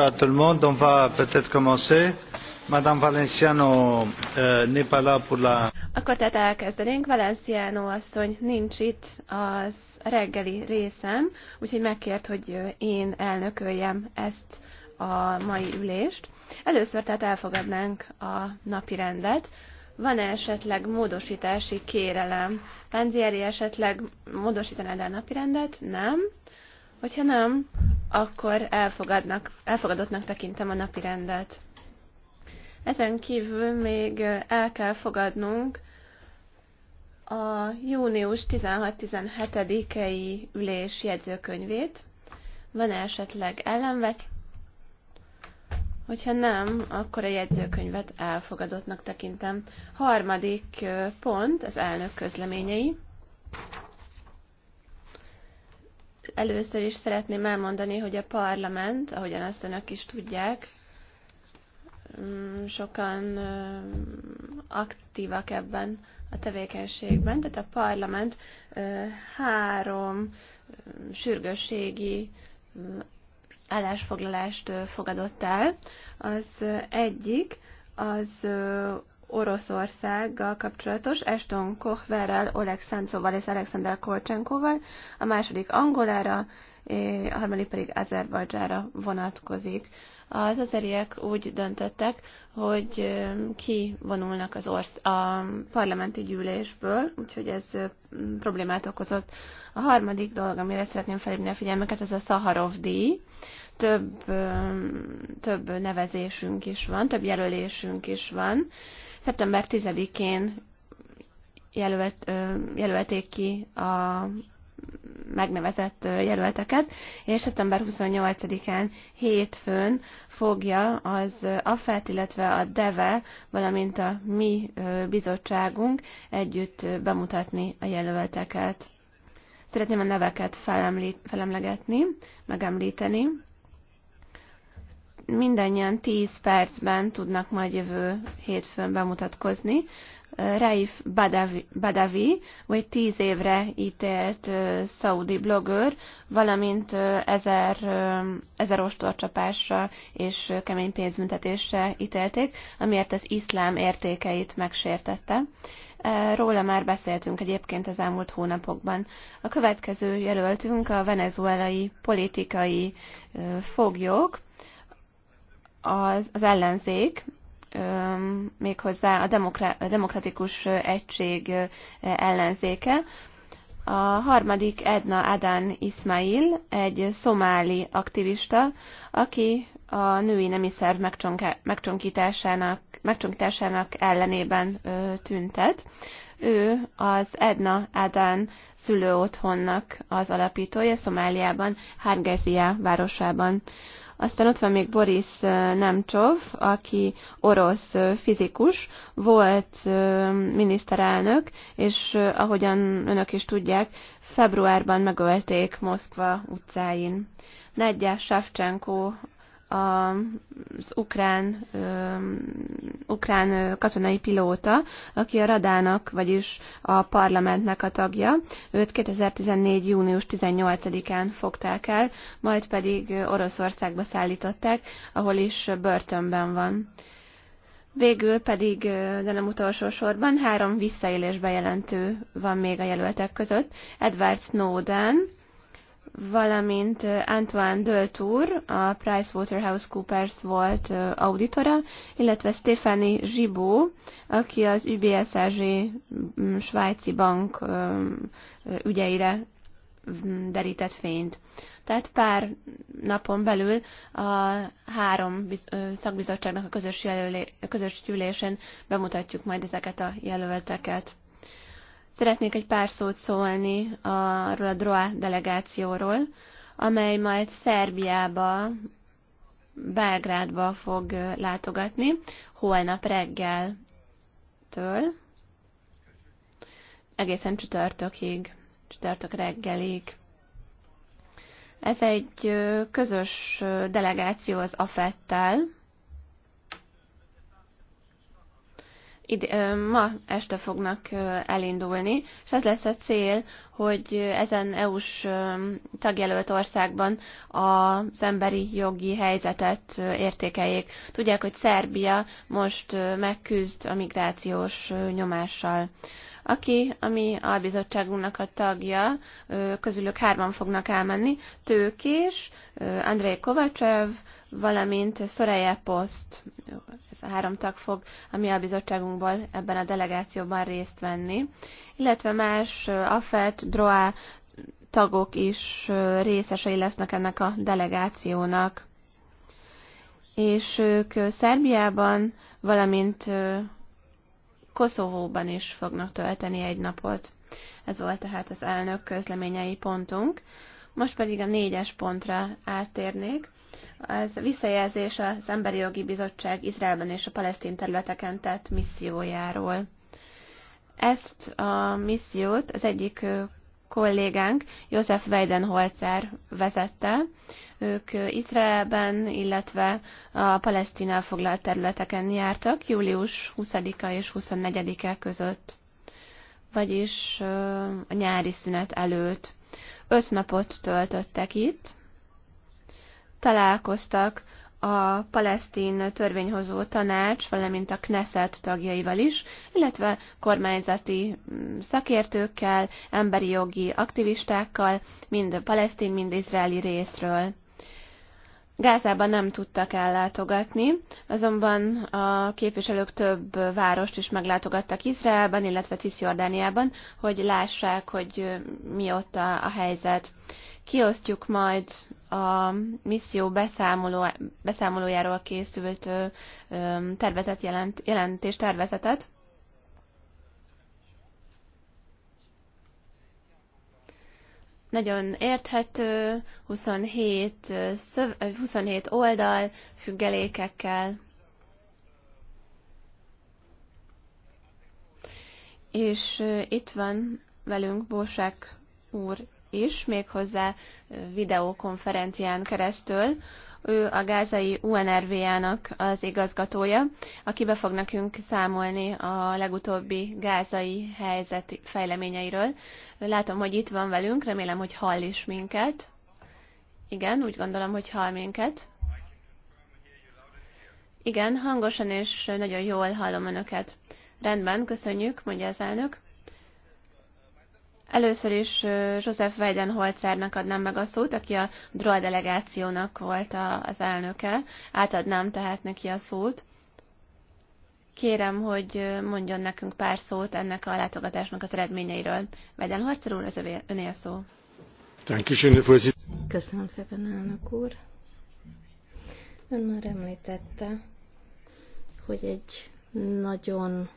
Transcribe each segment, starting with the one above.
à tout le monde. On va peut-être commencer. Madame Valenciano euh, n'est pas là pour la... Akkor tehát elkezdenénk. Valenciano asszony nincs itt az reggeli részen, úgyhogy megkért, hogy én elnököljem ezt a mai ülést. Először tehát elfogadnánk a napi rendet. Van-e esetleg módosítási kérelem? Penzieri esetleg módosítanád el napi rendet? Nem. Hogyha nem, akkor elfogadnak, elfogadottnak tekintem a napi rendet. Ezen kívül még el kell fogadnunk a június 16-17-i ülés jegyzőkönyvét. Van -e esetleg ellenvet? Hogyha nem, akkor a jegyzőkönyvet elfogadottnak tekintem. Harmadik pont az elnök közleményei. Először is szeretném elmondani, hogy a parlament, ahogyan azt önök is tudják, mm, sokan mm, aktívak ebben a tevékenységben, tehát a parlament három mm, sürgősségi állásfoglalást fogadott el. Az egyik az Oroszországgal kapcsolatos, Eston Kochverrel, Oleg Száncóval és Alexander Kolcsenkóval, a második Angolára, a harmadik pedig Azerbajdzsára vonatkozik. Az azeriek úgy döntöttek, hogy ki vonulnak az orsz a parlamenti gyűlésből, úgyhogy ez problémát okozott. A harmadik dolog, amire szeretném felhívni a figyelmeket, ez a Szaharov díj több, több nevezésünk is van, több jelölésünk is van, Szeptember 10-én jelölt, jelölték ki a megnevezett jelölteket, és szeptember 28-án hétfőn fogja az AFET, illetve a DEVE, valamint a mi bizottságunk együtt bemutatni a jelölteket. Szeretném a neveket felemlegetni, megemlíteni mindannyian 10 percben tudnak majd jövő hétfőn bemutatkozni. Raif Badavi, Badavi vagy 10 évre ítélt uh, szaudi blogger, valamint uh, ezer, uh, ezer ostorcsapásra és uh, kemény pénzbüntetésre ítélték, amiért az iszlám értékeit megsértette. Róla már beszéltünk egyébként az elmúlt hónapokban. A következő jelöltünk a venezuelai politikai foglyok, az, az ellenzék, méghozzá a, demokra- a demokratikus egység ellenzéke. A harmadik Edna Adan Ismail, egy szomáli aktivista, aki a női nemi szerv megcsonkításának, megcsonkításának ellenében ö, tüntet. Ő az Edna Adán szülőotthonnak az alapítója Szomáliában, Hargezia városában. Aztán ott van még Boris Nemcsov, aki orosz fizikus, volt miniszterelnök, és ahogyan önök is tudják, februárban megölték Moszkva utcáin. Nadja Savchenko az ukrán, ukrán katonai pilóta, aki a Radának, vagyis a parlamentnek a tagja. Őt 2014. június 18-án fogták el, majd pedig Oroszországba szállították, ahol is börtönben van. Végül pedig, de nem utolsó sorban, három visszaélés bejelentő van még a jelöltek között. Edward Snowden, valamint Antoine Deltour, a PricewaterhouseCoopers volt auditora, illetve Stefani Zsibó, aki az UBSAG mm, svájci bank ügyeire mm, derített fényt. Tehát pár napon belül a három szakbizottságnak a közös, jelölé, közös gyűlésen bemutatjuk majd ezeket a jelölteket. Szeretnék egy pár szót szólni arról a DROA delegációról, amely majd Szerbiába, Belgrádba fog látogatni holnap reggeltől egészen csütörtökig, csütörtök reggelig. Ez egy közös delegáció az AFET-tel, ide, ma este fognak elindulni, és az lesz a cél, hogy ezen EU-s tagjelölt országban az emberi jogi helyzetet értékeljék. Tudják, hogy Szerbia most megküzd a migrációs nyomással. Aki a bizottságunknak a tagja, közülük hárman fognak elmenni, Tőkés, Andrei Kovacsev, valamint Soraya Post, ez a három tag fog a mi bizottságunkból ebben a delegációban részt venni, illetve más AFET, DROA tagok is részesei lesznek ennek a delegációnak. És ők Szerbiában, valamint Koszovóban is fognak tölteni egy napot. Ez volt tehát az elnök közleményei pontunk. Most pedig a négyes pontra áttérnék. Ez visszajelzés az Emberi Jogi Bizottság Izraelben és a palesztin területeken tett missziójáról. Ezt a missziót az egyik kollégánk, József Weidenholzer vezette. Ők Izraelben, illetve a palesztin foglalt területeken jártak július 20-a és 24-e között, vagyis a nyári szünet előtt öt napot töltöttek itt, találkoztak a palesztin törvényhozó tanács, valamint a Knesset tagjaival is, illetve kormányzati mm, szakértőkkel, emberi jogi aktivistákkal, mind palesztin, mind izraeli részről. Gázában nem tudtak ellátogatni, azonban a képviselők több várost is meglátogattak Izraelben, illetve Cisjordániában, hogy lássák, hogy mi ott a, a helyzet. Kiosztjuk majd a misszió beszámoló, beszámolójáról készült ö, tervezet jelent, jelentés tervezetet, nagyon érthető, 27, 27 oldal, függelékekkel. És itt van velünk Bósek úr is, méghozzá videokonferencián keresztül, ő a gázai UNRV-ának az igazgatója, aki be fog nekünk számolni a legutóbbi gázai helyzet fejleményeiről. Látom, hogy itt van velünk, remélem, hogy hall is minket. Igen, úgy gondolom, hogy hall minket. Igen, hangosan és nagyon jól hallom önöket. Rendben, köszönjük, mondja az elnök. Először is Joseph Weidenholzernek adnám meg a szót, aki a DROA delegációnak volt a, az elnöke. Átadnám tehát neki a szót. Kérem, hogy mondjon nekünk pár szót ennek a látogatásnak az eredményeiről. Weidenholzer úr, ez öné a szó. Köszönöm szépen, elnök úr. Ön már említette, hogy egy nagyon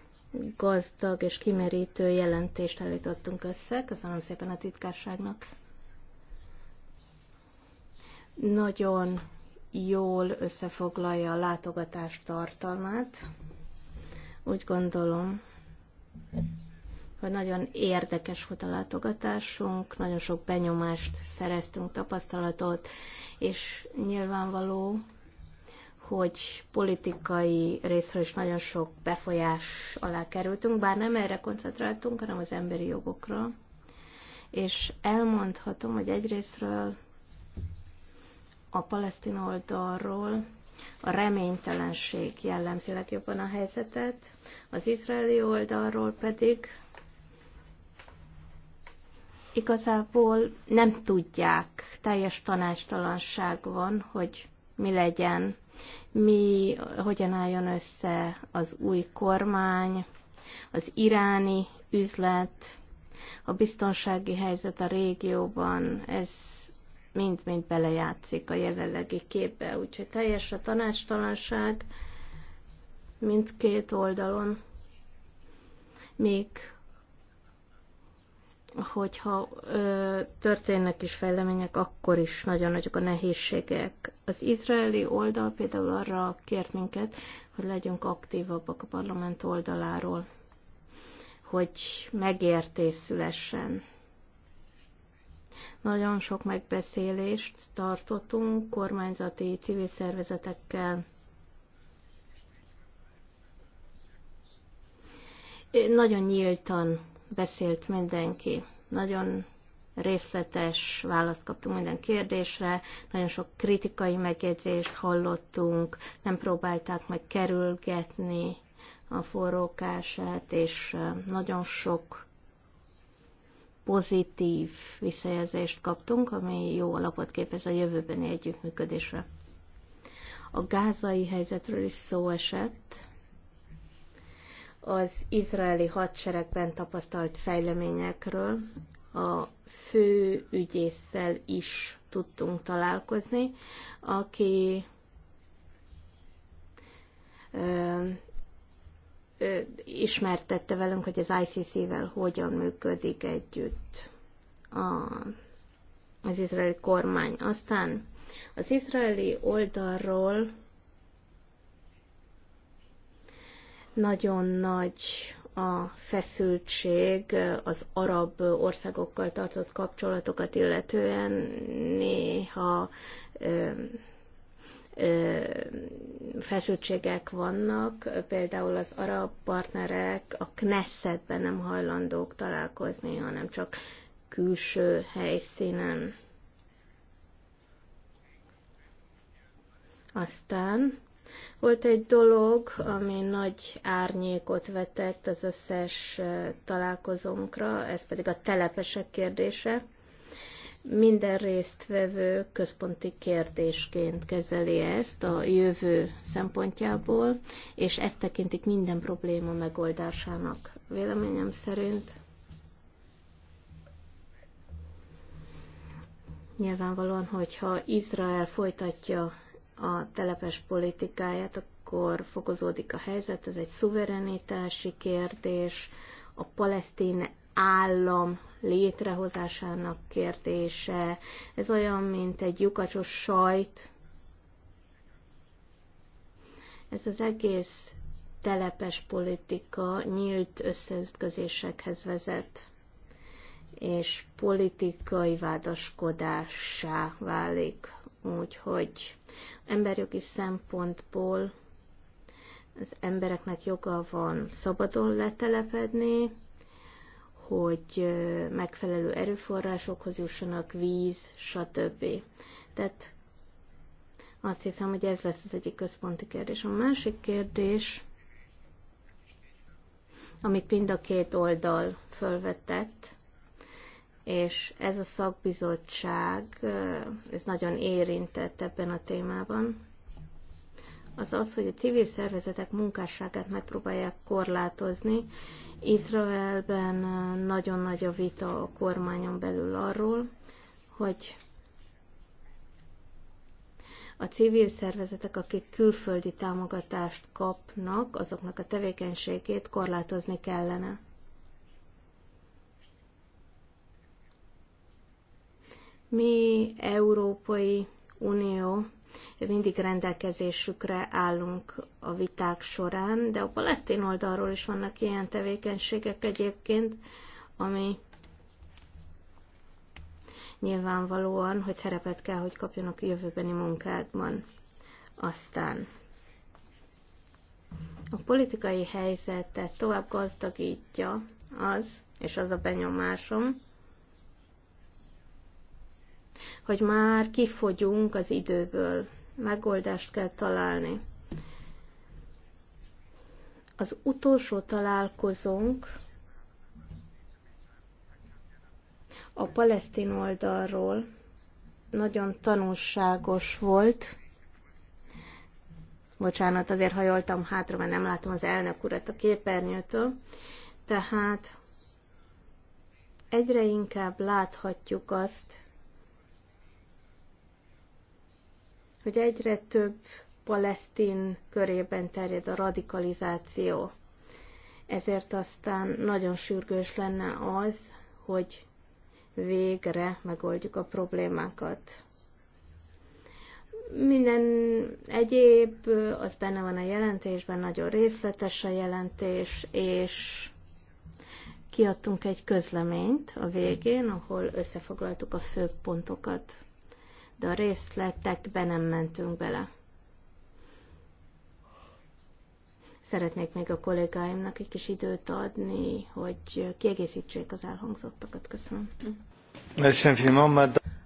gazdag és kimerítő jelentést állítottunk össze. Köszönöm szépen a titkárságnak. Nagyon jól összefoglalja a látogatás tartalmát. Úgy gondolom, hogy nagyon érdekes volt a látogatásunk, nagyon sok benyomást szereztünk, tapasztalatot, és nyilvánvaló, hogy politikai részről is nagyon sok befolyás alá kerültünk, bár nem erre koncentráltunk, hanem az emberi jogokra. És elmondhatom, hogy egyrésztről a palesztin oldalról a reménytelenség jellemzi legjobban a helyzetet, az izraeli oldalról pedig igazából nem tudják, teljes tanácstalanság van, hogy mi legyen mi, hogyan álljon össze az új kormány, az iráni üzlet, a biztonsági helyzet a régióban, ez mind-mind belejátszik a jelenlegi képbe, úgyhogy teljes a tanácstalanság mindkét oldalon. Még hogyha ö, történnek is fejlemények, akkor is nagyon nagyok a nehézségek. Az izraeli oldal például arra kért minket, hogy legyünk aktívabbak a parlament oldaláról, hogy megértés Nagyon sok megbeszélést tartottunk kormányzati civil szervezetekkel, nagyon nyíltan beszélt mindenki. Nagyon részletes választ kaptunk minden kérdésre, nagyon sok kritikai megjegyzést hallottunk, nem próbálták meg kerülgetni a forrókását, és nagyon sok pozitív visszajelzést kaptunk, ami jó alapot képez a jövőbeni együttműködésre. A gázai helyzetről is szó esett, az izraeli hadseregben tapasztalt fejleményekről. A fő ügyésszel is tudtunk találkozni, aki ö, ö, ismertette velünk, hogy az ICC-vel hogyan működik együtt a, az izraeli kormány. Aztán az izraeli oldalról Nagyon nagy a feszültség az arab országokkal tartott kapcsolatokat illetően néha ö, ö, feszültségek vannak, például az arab partnerek a Knessetben nem hajlandók találkozni, hanem csak külső helyszínen. Aztán volt egy dolog, ami nagy árnyékot vetett az összes találkozónkra, ez pedig a telepesek kérdése. Minden résztvevő központi kérdésként kezeli ezt a jövő szempontjából, és ezt tekintik minden probléma megoldásának. Véleményem szerint Nyilvánvalóan, hogyha Izrael folytatja a telepes politikáját, akkor fokozódik a helyzet, ez egy szuverenitási kérdés, a palesztin állam létrehozásának kérdése, ez olyan, mint egy lyukacsos sajt. Ez az egész telepes politika nyílt összeütközésekhez vezet, és politikai vádaskodássá válik úgyhogy emberjogi szempontból az embereknek joga van szabadon letelepedni, hogy megfelelő erőforrásokhoz jussanak, víz, stb. Tehát azt hiszem, hogy ez lesz az egyik központi kérdés. A másik kérdés, amit mind a két oldal felvetett, és ez a szakbizottság, eh, ez nagyon érintett ebben a témában, az az, hogy a civil szervezetek munkásságát megpróbálják korlátozni. Izraelben eh, nagyon nagy a vita a kormányon belül arról, hogy a civil szervezetek, akik külföldi támogatást kapnak, azoknak a tevékenységét korlátozni kellene. Mi, Európai Unió, mindig rendelkezésükre állunk a viták során, de a palesztin oldalról is vannak ilyen tevékenységek egyébként, ami nyilvánvalóan, hogy szerepet kell, hogy kapjanak a jövőbeni munkákban. Aztán a politikai helyzetet tovább gazdagítja az, és az a benyomásom, hogy már kifogyunk az időből. Megoldást kell találni. Az utolsó találkozónk a palesztin oldalról nagyon tanulságos volt. Bocsánat, azért hajoltam hátra, mert nem látom az elnök urat a képernyőtől. Tehát egyre inkább láthatjuk azt, hogy egyre több palesztin körében terjed a radikalizáció. Ezért aztán nagyon sürgős lenne az, hogy végre megoldjuk a problémákat. Minden egyéb, az benne van a jelentésben, nagyon részletes a jelentés, és kiadtunk egy közleményt a végén, ahol összefoglaltuk a fő pontokat de a részletekbe nem mentünk bele. Szeretnék még a kollégáimnak egy kis időt adni, hogy kiegészítsék az elhangzottakat. Köszönöm.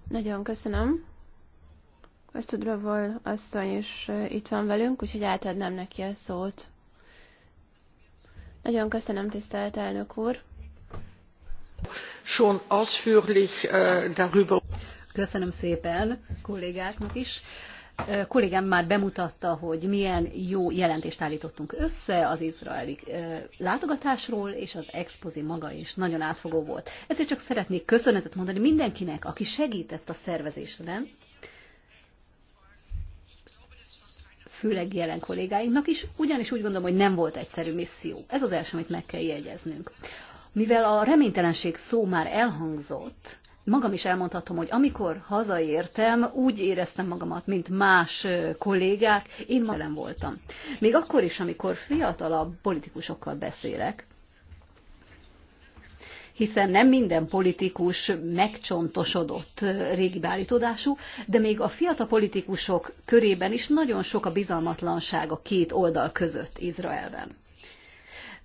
Nagyon köszönöm. Ösztudrovol asszony is eh, itt van velünk, úgyhogy átadnám neki a szót. Nagyon köszönöm, tisztelt elnök úr. Schon ausführlich eh, darüber. Köszönöm szépen kollégáknak is. Kollégám már bemutatta, hogy milyen jó jelentést állítottunk össze az izraeli látogatásról, és az expozi maga is nagyon átfogó volt. Ezért csak szeretnék köszönetet mondani mindenkinek, aki segített a szervezésben, főleg jelen kollégáinknak is, ugyanis úgy gondolom, hogy nem volt egyszerű misszió. Ez az első, amit meg kell jegyeznünk. Mivel a reménytelenség szó már elhangzott, magam is elmondhatom, hogy amikor hazaértem, úgy éreztem magamat, mint más kollégák, én nem voltam. Még akkor is, amikor fiatalabb politikusokkal beszélek, hiszen nem minden politikus megcsontosodott régi beállítódású, de még a fiatal politikusok körében is nagyon sok a bizalmatlanság a két oldal között Izraelben.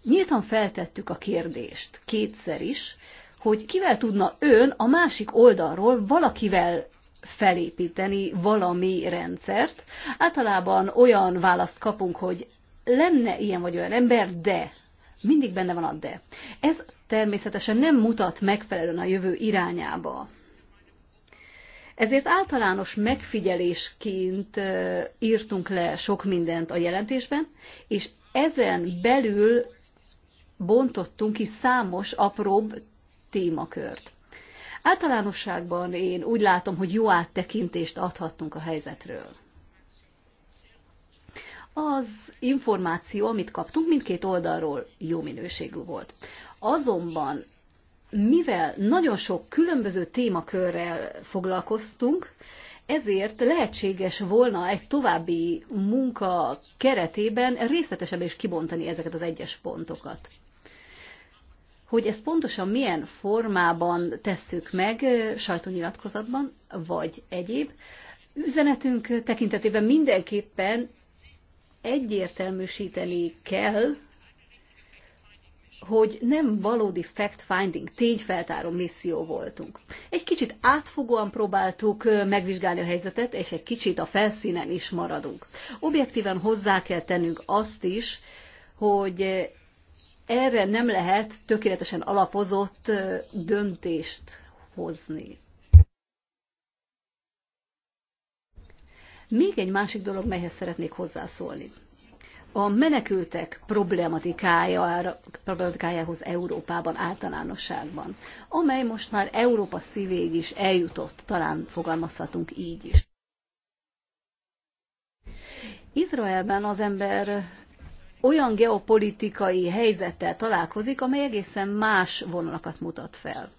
Nyíltan feltettük a kérdést kétszer is, hogy kivel tudna ön a másik oldalról valakivel felépíteni valami rendszert. Általában olyan választ kapunk, hogy lenne ilyen vagy olyan ember, de mindig benne van a de. Ez természetesen nem mutat megfelelően a jövő irányába. Ezért általános megfigyelésként írtunk le sok mindent a jelentésben, és ezen belül bontottunk ki számos apróbb témakört. Általánosságban én úgy látom, hogy jó áttekintést adhattunk a helyzetről. Az információ, amit kaptunk, mindkét oldalról jó minőségű volt. Azonban, mivel nagyon sok különböző témakörrel foglalkoztunk, ezért lehetséges volna egy további munka keretében részletesebben is kibontani ezeket az egyes pontokat hogy ezt pontosan milyen formában tesszük meg, sajtónyilatkozatban, vagy egyéb. Üzenetünk tekintetében mindenképpen egyértelműsíteni kell, hogy nem valódi fact-finding, tényfeltáró misszió voltunk. Egy kicsit átfogóan próbáltuk megvizsgálni a helyzetet, és egy kicsit a felszínen is maradunk. Objektíven hozzá kell tennünk azt is, hogy erre nem lehet tökéletesen alapozott döntést hozni. Még egy másik dolog, melyhez szeretnék hozzászólni. A menekültek problematikájához Európában általánosságban, amely most már Európa szívéig is eljutott, talán fogalmazhatunk így is. Izraelben az ember olyan geopolitikai helyzettel találkozik, amely egészen más vonalakat mutat fel.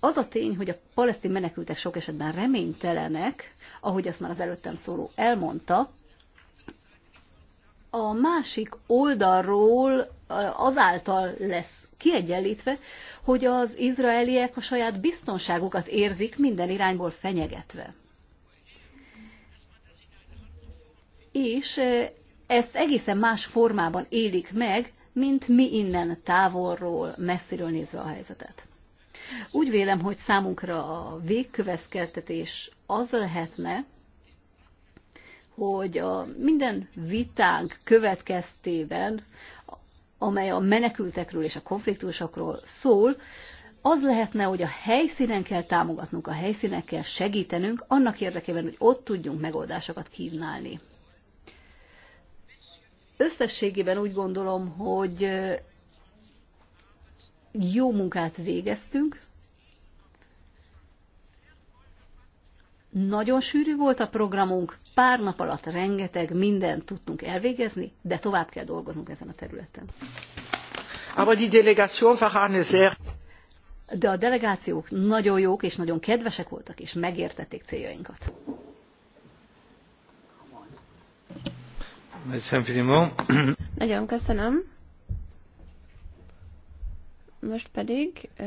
Az a tény, hogy a palesztin menekültek sok esetben reménytelenek, ahogy azt már az előttem szóló elmondta, a másik oldalról azáltal lesz kiegyenlítve, hogy az izraeliek a saját biztonságukat érzik minden irányból fenyegetve. És ezt egészen más formában élik meg, mint mi innen távolról, messziről nézve a helyzetet. Úgy vélem, hogy számunkra a végkövetkeztetés az lehetne, hogy a minden vitánk következtében, amely a menekültekről és a konfliktusokról szól, az lehetne, hogy a helyszínen kell támogatnunk, a helyszínen kell segítenünk, annak érdekében, hogy ott tudjunk megoldásokat kínálni összességében úgy gondolom, hogy jó munkát végeztünk. Nagyon sűrű volt a programunk, pár nap alatt rengeteg mindent tudtunk elvégezni, de tovább kell dolgoznunk ezen a területen. Ah, de a delegációk nagyon jók és nagyon kedvesek voltak, és megértették céljainkat. Nagyon köszönöm. Most pedig, ve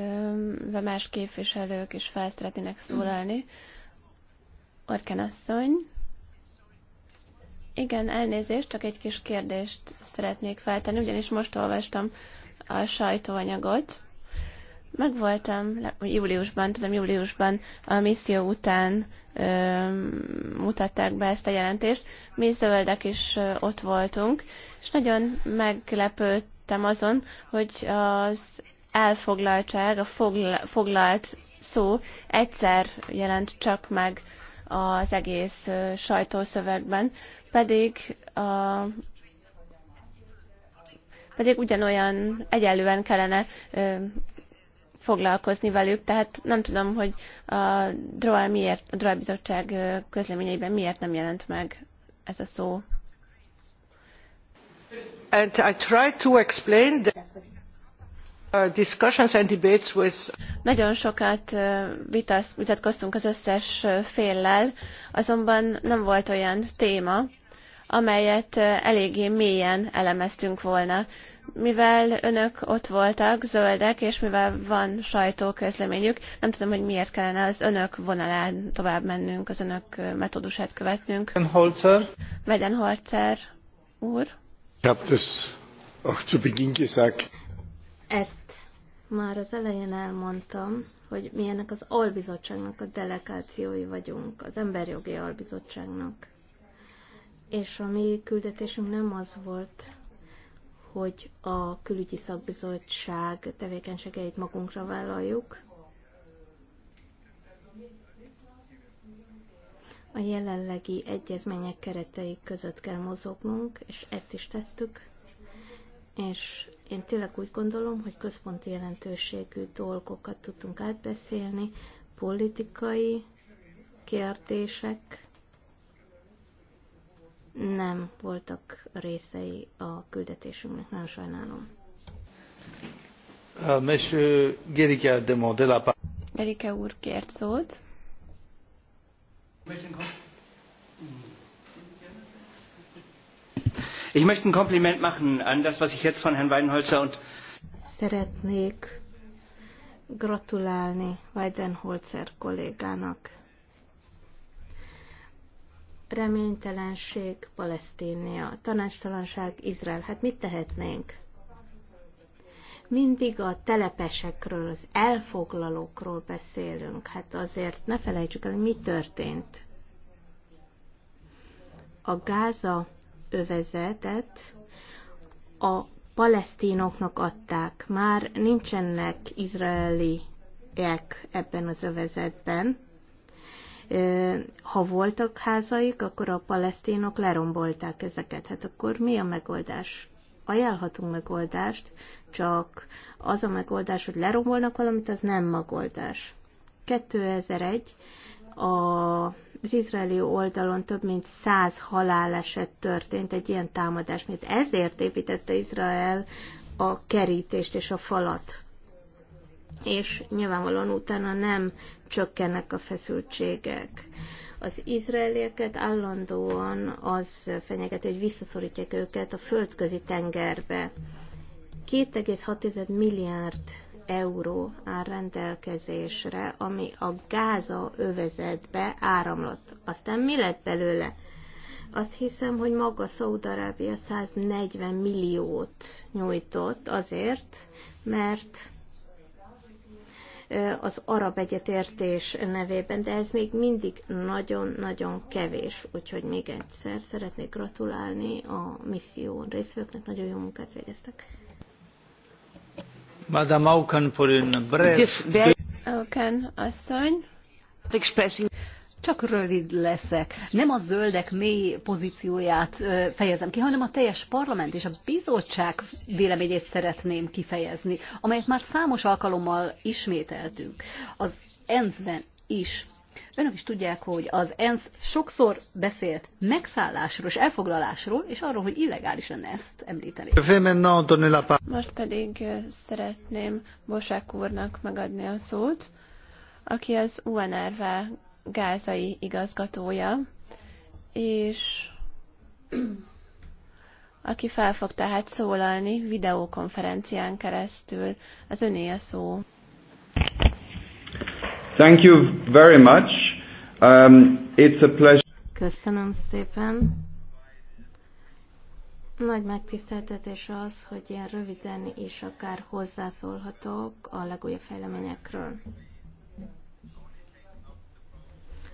um, más képviselők is fel szeretnének szólalni. Orken asszony. Igen, elnézést, csak egy kis kérdést szeretnék feltenni, ugyanis most olvastam a sajtóanyagot. Megvoltam júliusban, tudom, júliusban a misszió után ö, mutatták be ezt a jelentést. Mi zöldek is ö, ott voltunk, és nagyon meglepődtem azon, hogy az elfoglaltság, a fogla, foglalt szó egyszer jelent csak meg az egész ö, sajtószövegben, pedig a pedig ugyanolyan egyenlően kellene ö, foglalkozni velük, tehát nem tudom, hogy a DROA miért, a DROA bizottság közleményeiben miért nem jelent meg ez a szó. And I tried to explain that uh, discussions and debates with... Nagyon sokat vitatkoztunk az összes féllel, azonban nem volt olyan téma, amelyet eléggé mélyen elemeztünk volna. Mivel önök ott voltak, zöldek, és mivel van sajtóközleményük, nem tudom, hogy miért kellene az önök vonalán tovább mennünk, az önök metódusát követnünk. Holzer. Medenholzer úr. Ich habe das auch zu Beginn gesagt. Ezt már az elején elmondtam, hogy mi ennek az albizottságnak a delegációi vagyunk, az emberjogi albizottságnak és a mi küldetésünk nem az volt, hogy a külügyi szakbizottság tevékenységeit magunkra vállaljuk. A jelenlegi egyezmények keretei között kell mozognunk, és ezt is tettük. És én tényleg úgy gondolom, hogy központi jelentőségű dolgokat tudtunk átbeszélni, politikai kérdések, nem voltak részei a küldetésünknek. Nagyon sajnálom. Uh, Gerike Gerike úr kért szót. Ich möchte ein Kompliment machen an das, was ich jetzt von Herrn Weidenholzer und Szeretnék gratulálni Weidenholzer kollégának reménytelenség, Palesztinia, tanástalanság Izrael. Hát mit tehetnénk? Mindig a telepesekről, az elfoglalókról beszélünk. Hát azért ne felejtsük el, hogy mi történt. A Gáza övezetet a palesztinoknak adták. Már nincsenek izraeliek ebben az övezetben ha voltak házaik, akkor a palesztinok lerombolták ezeket. Hát akkor mi a megoldás? Ajánlhatunk megoldást, csak az a megoldás, hogy lerombolnak valamit, az nem megoldás. 2001 a az izraeli oldalon több mint száz haláleset történt egy ilyen támadás miatt. Ezért építette Izrael a kerítést és a falat és nyilvánvalóan utána nem csökkennek a feszültségek. Az izraelieket állandóan az fenyegeti, hogy visszaszorítják őket a földközi tengerbe. 2,6 milliárd euró áll rendelkezésre, ami a Gáza övezetbe áramlott. Aztán mi lett belőle? Azt hiszem, hogy maga Szaudarábia 140 milliót nyújtott azért, mert az arab egyetértés nevében, de ez még mindig nagyon-nagyon kevés. Úgyhogy még egyszer szeretnék gratulálni a misszión részvőknek, nagyon jó munkát végeztek. Madame Auken, por asszony. Csak rövid leszek. Nem a zöldek mély pozícióját fejezem ki, hanem a teljes parlament és a bizottság véleményét szeretném kifejezni, amelyet már számos alkalommal ismételtünk. Az ENSZ-ben is Önök is tudják, hogy az ENSZ sokszor beszélt megszállásról és elfoglalásról, és arról, hogy illegálisan ezt említeni. Most pedig szeretném Bosák úrnak megadni a szót, aki az UNRV gázai igazgatója, és aki fel fog tehát szólalni videókonferencián keresztül. Az öné a szó. Thank you very much. Um, it's a pleasure. Köszönöm szépen. Nagy megtiszteltetés az, hogy ilyen röviden is akár hozzászólhatok a legújabb fejleményekről.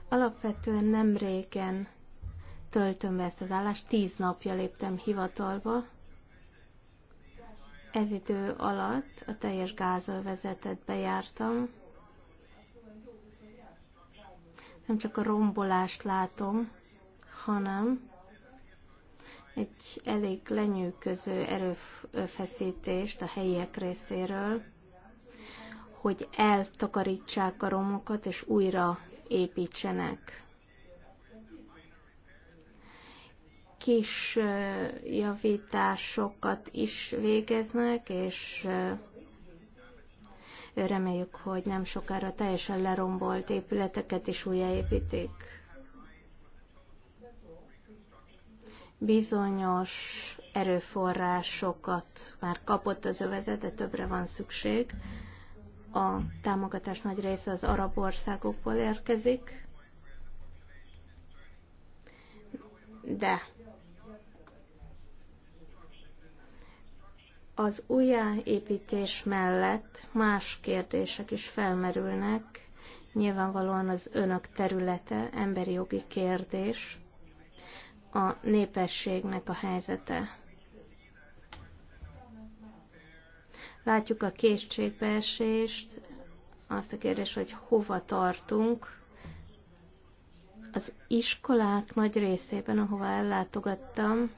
Alapvetően nem régen töltöm be ezt az állást, tíz napja léptem hivatalba. Ez idő alatt a teljes gázölvezetet bejártam. Nem csak a rombolást látom, hanem egy elég lenyűköző erőfeszítést a helyiek részéről, hogy eltakarítsák a romokat és újra építsenek. Kis javításokat is végeznek, és reméljük, hogy nem sokára teljesen lerombolt épületeket is újjáépítik. Bizonyos erőforrásokat már kapott az övezet, de többre van szükség a támogatás nagy része az arab országokból érkezik, de az újjáépítés mellett más kérdések is felmerülnek, nyilvánvalóan az önök területe, emberi jogi kérdés, a népességnek a helyzete. Látjuk a kétségbeesést, azt a kérdés, hogy hova tartunk. Az iskolák nagy részében, ahova ellátogattam,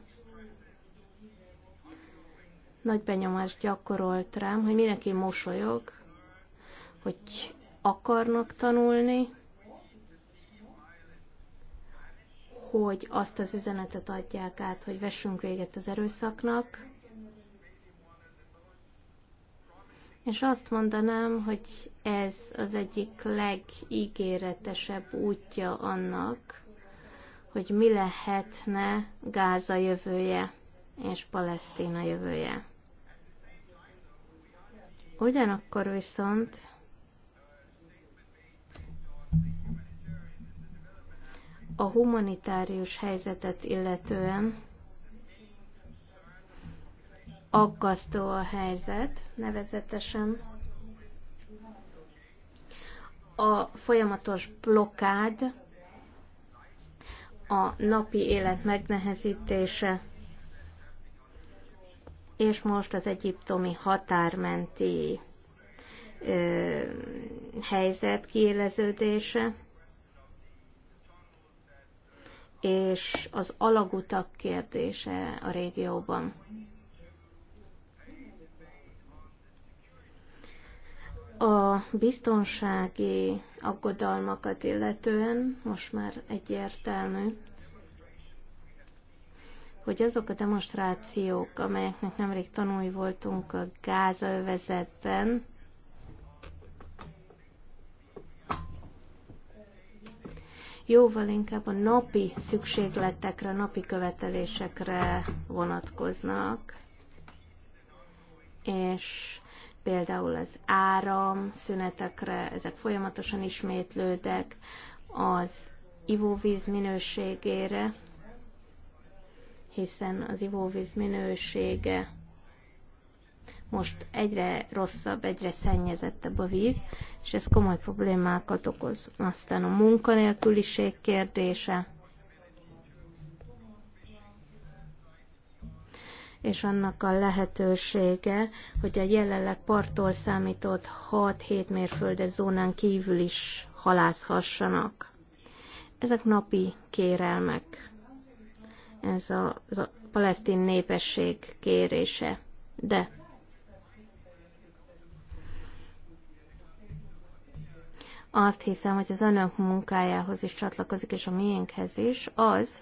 nagy benyomást gyakorolt rám, hogy mindenki mosolyog, hogy akarnak tanulni, hogy azt az üzenetet adják át, hogy vessünk véget az erőszaknak, És azt mondanám, hogy ez az egyik legígéretesebb útja annak, hogy mi lehetne Gáza jövője és Palesztina jövője. Ugyanakkor viszont a humanitárius helyzetet illetően aggasztó a helyzet, nevezetesen a folyamatos blokád, a napi élet megnehezítése, és most az egyiptomi határmenti ö, helyzet kiéleződése, és az alagutak kérdése a régióban. A biztonsági aggodalmakat illetően most már egyértelmű, hogy azok a demonstrációk, amelyeknek nemrég tanulj voltunk a övezetben, jóval inkább a napi szükségletekre, napi követelésekre vonatkoznak, és például az áram szünetekre, ezek folyamatosan ismétlődnek, az ivóvíz minőségére, hiszen az ivóvíz minősége most egyre rosszabb, egyre szennyezettebb a víz, és ez komoly problémákat okoz. Aztán a munkanélküliség kérdése, és annak a lehetősége, hogy a jelenleg parttól számított 6-7 mérföldes zónán kívül is halászhassanak. Ezek napi kérelmek. Ez a, ez a palesztin népesség kérése. De azt hiszem, hogy az önök munkájához is csatlakozik, és a miénkhez is, az,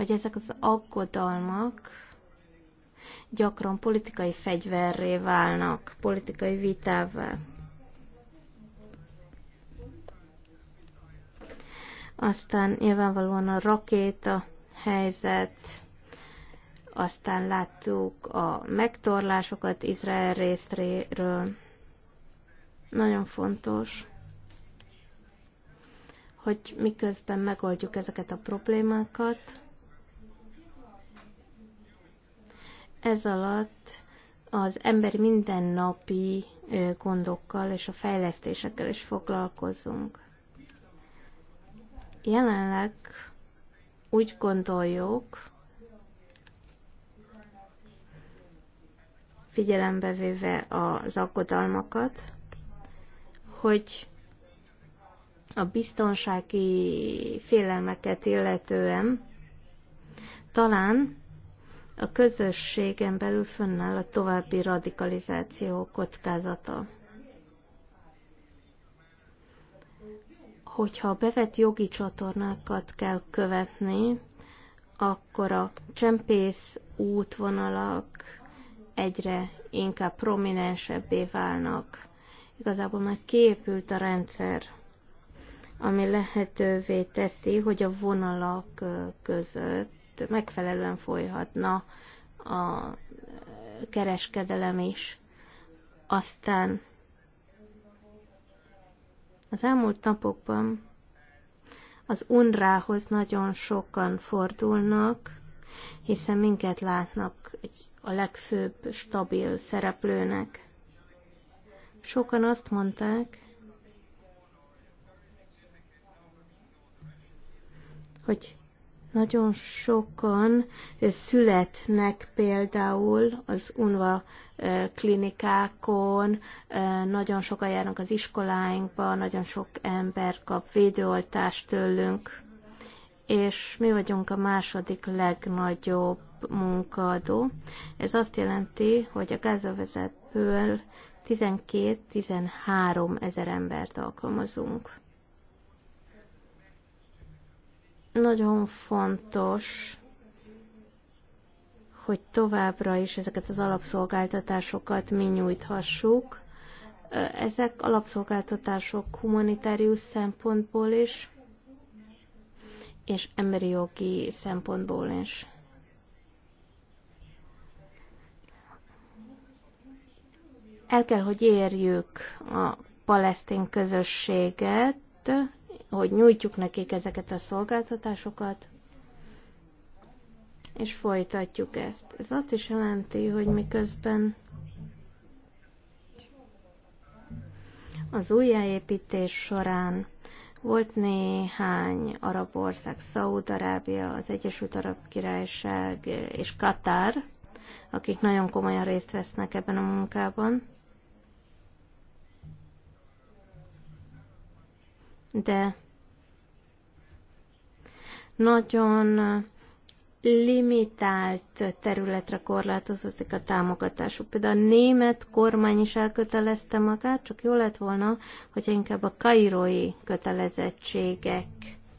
hogy ezek az aggodalmak gyakran politikai fegyverré válnak, politikai vitává. Aztán nyilvánvalóan a rakéta helyzet, aztán láttuk a megtorlásokat Izrael részéről. Nagyon fontos, hogy miközben megoldjuk ezeket a problémákat, Ez alatt az ember mindennapi gondokkal és a fejlesztésekkel is foglalkozunk. Jelenleg úgy gondoljuk, figyelembe véve az aggodalmakat, hogy a biztonsági félelmeket illetően talán a közösségen belül fönnáll a további radikalizáció kockázata. Hogyha a bevett jogi csatornákat kell követni, akkor a csempész útvonalak egyre inkább prominensebbé válnak. Igazából már kiépült a rendszer, ami lehetővé teszi, hogy a vonalak között megfelelően folyhatna a e, kereskedelem is. Aztán az elmúlt napokban az unrához nagyon sokan fordulnak, hiszen minket látnak egy, a legfőbb stabil szereplőnek. Sokan azt mondták, hogy nagyon sokan születnek például az UNVA klinikákon, nagyon sokan járnak az iskoláinkba, nagyon sok ember kap védőoltást tőlünk, és mi vagyunk a második legnagyobb munkaadó. Ez azt jelenti, hogy a gázavezetből 12-13 ezer embert alkalmazunk. Nagyon fontos, hogy továbbra is ezeket az alapszolgáltatásokat mi nyújthassuk. Ezek alapszolgáltatások humanitárius szempontból is, és emberi jogi szempontból is. El kell, hogy érjük a palesztin közösséget, hogy nyújtjuk nekik ezeket a szolgáltatásokat, és folytatjuk ezt. Ez azt is jelenti, hogy miközben az újjáépítés során volt néhány arab ország, Szaúd-Arábia, az Egyesült Arab Királyság és Katár, akik nagyon komolyan részt vesznek ebben a munkában. de nagyon limitált területre korlátozottak a támogatásuk. Például a német kormány is elkötelezte magát, csak jó lett volna, hogy inkább a kairói kötelezettségek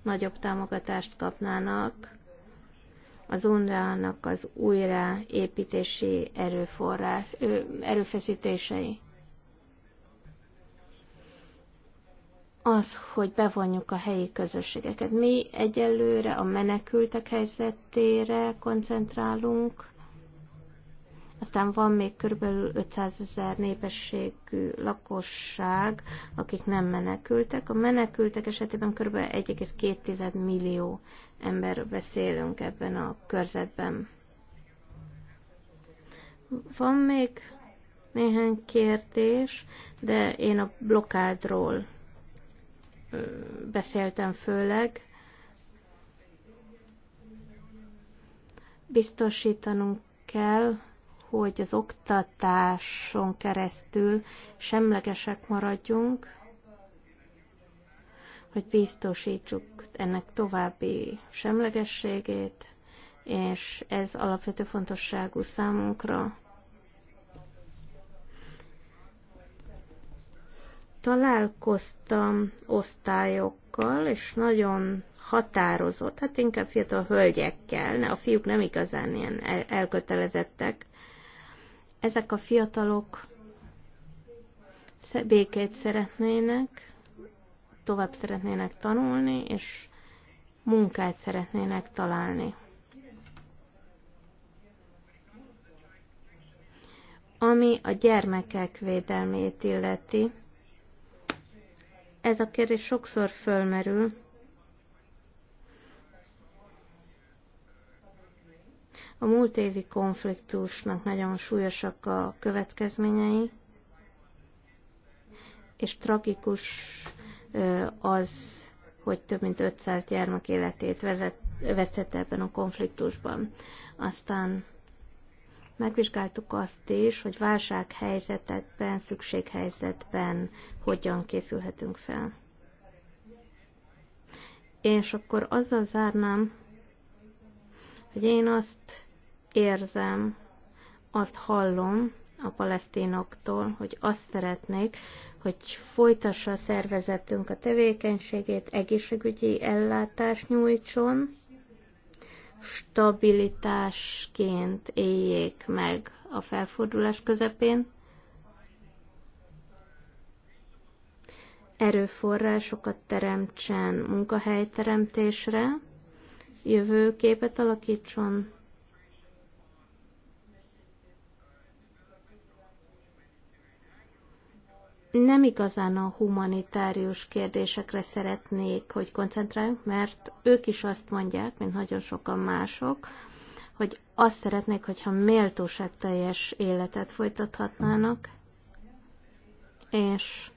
nagyobb támogatást kapnának az UNRWA-nak az újraépítési erőforrás, erőfeszítései. az, hogy bevonjuk a helyi közösségeket. Mi egyelőre a menekültek helyzetére koncentrálunk, aztán van még körülbelül 500 ezer népességű lakosság, akik nem menekültek. A menekültek esetében kb. 1,2 millió ember beszélünk ebben a körzetben. Van még néhány kérdés, de én a blokádról beszéltem főleg, biztosítanunk kell, hogy az oktatáson keresztül semlegesek maradjunk, hogy biztosítsuk ennek további semlegességét, és ez alapvető fontosságú számunkra. találkoztam osztályokkal, és nagyon határozott, hát inkább fiatal hölgyekkel, a fiúk nem igazán ilyen elkötelezettek. Ezek a fiatalok békét szeretnének, tovább szeretnének tanulni, és munkát szeretnének találni. Ami a gyermekek védelmét illeti, ez a kérdés sokszor fölmerül. A múlt évi konfliktusnak nagyon súlyosak a következményei, és tragikus az, hogy több mint 500 gyermek életét vezet, ebben a konfliktusban. Aztán Megvizsgáltuk azt is, hogy válsághelyzetekben, szükséghelyzetben hogyan készülhetünk fel. És akkor azzal zárnám, hogy én azt érzem, azt hallom a palesztinoktól, hogy azt szeretnék, hogy folytassa a szervezetünk a tevékenységét, egészségügyi ellátást nyújtson, stabilitásként éljék meg a felfordulás közepén, erőforrásokat teremtsen munkahelyteremtésre, jövőképet alakítson nem igazán a humanitárius kérdésekre szeretnék, hogy koncentráljunk, mert ők is azt mondják, mint nagyon sokan mások, hogy azt szeretnék, hogyha méltóságteljes életet folytathatnának, és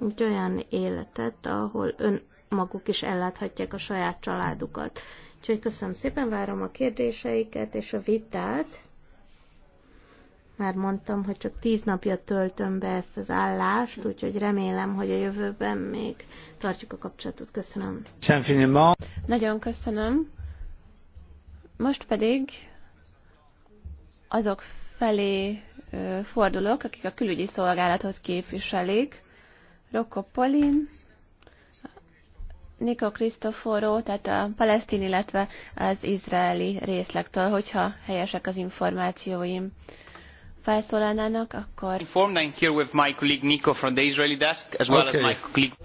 egy olyan életet, ahol ön maguk is elláthatják a saját családukat. Úgyhogy köszönöm szépen, várom a kérdéseiket és a vitát, már mondtam, hogy csak tíz napja töltöm be ezt az állást, úgyhogy remélem, hogy a jövőben még tartjuk a kapcsolatot. Köszönöm. Nagyon köszönöm. Most pedig azok felé fordulok, akik a külügyi szolgálatot képviselik. Rocco Polin, Niko Kristoforó. tehát a palesztin, illetve az izraeli részlektől, hogyha helyesek az információim felszólalnának, akkor... here with my colleague Nico from the Israeli desk, as well as my colleague...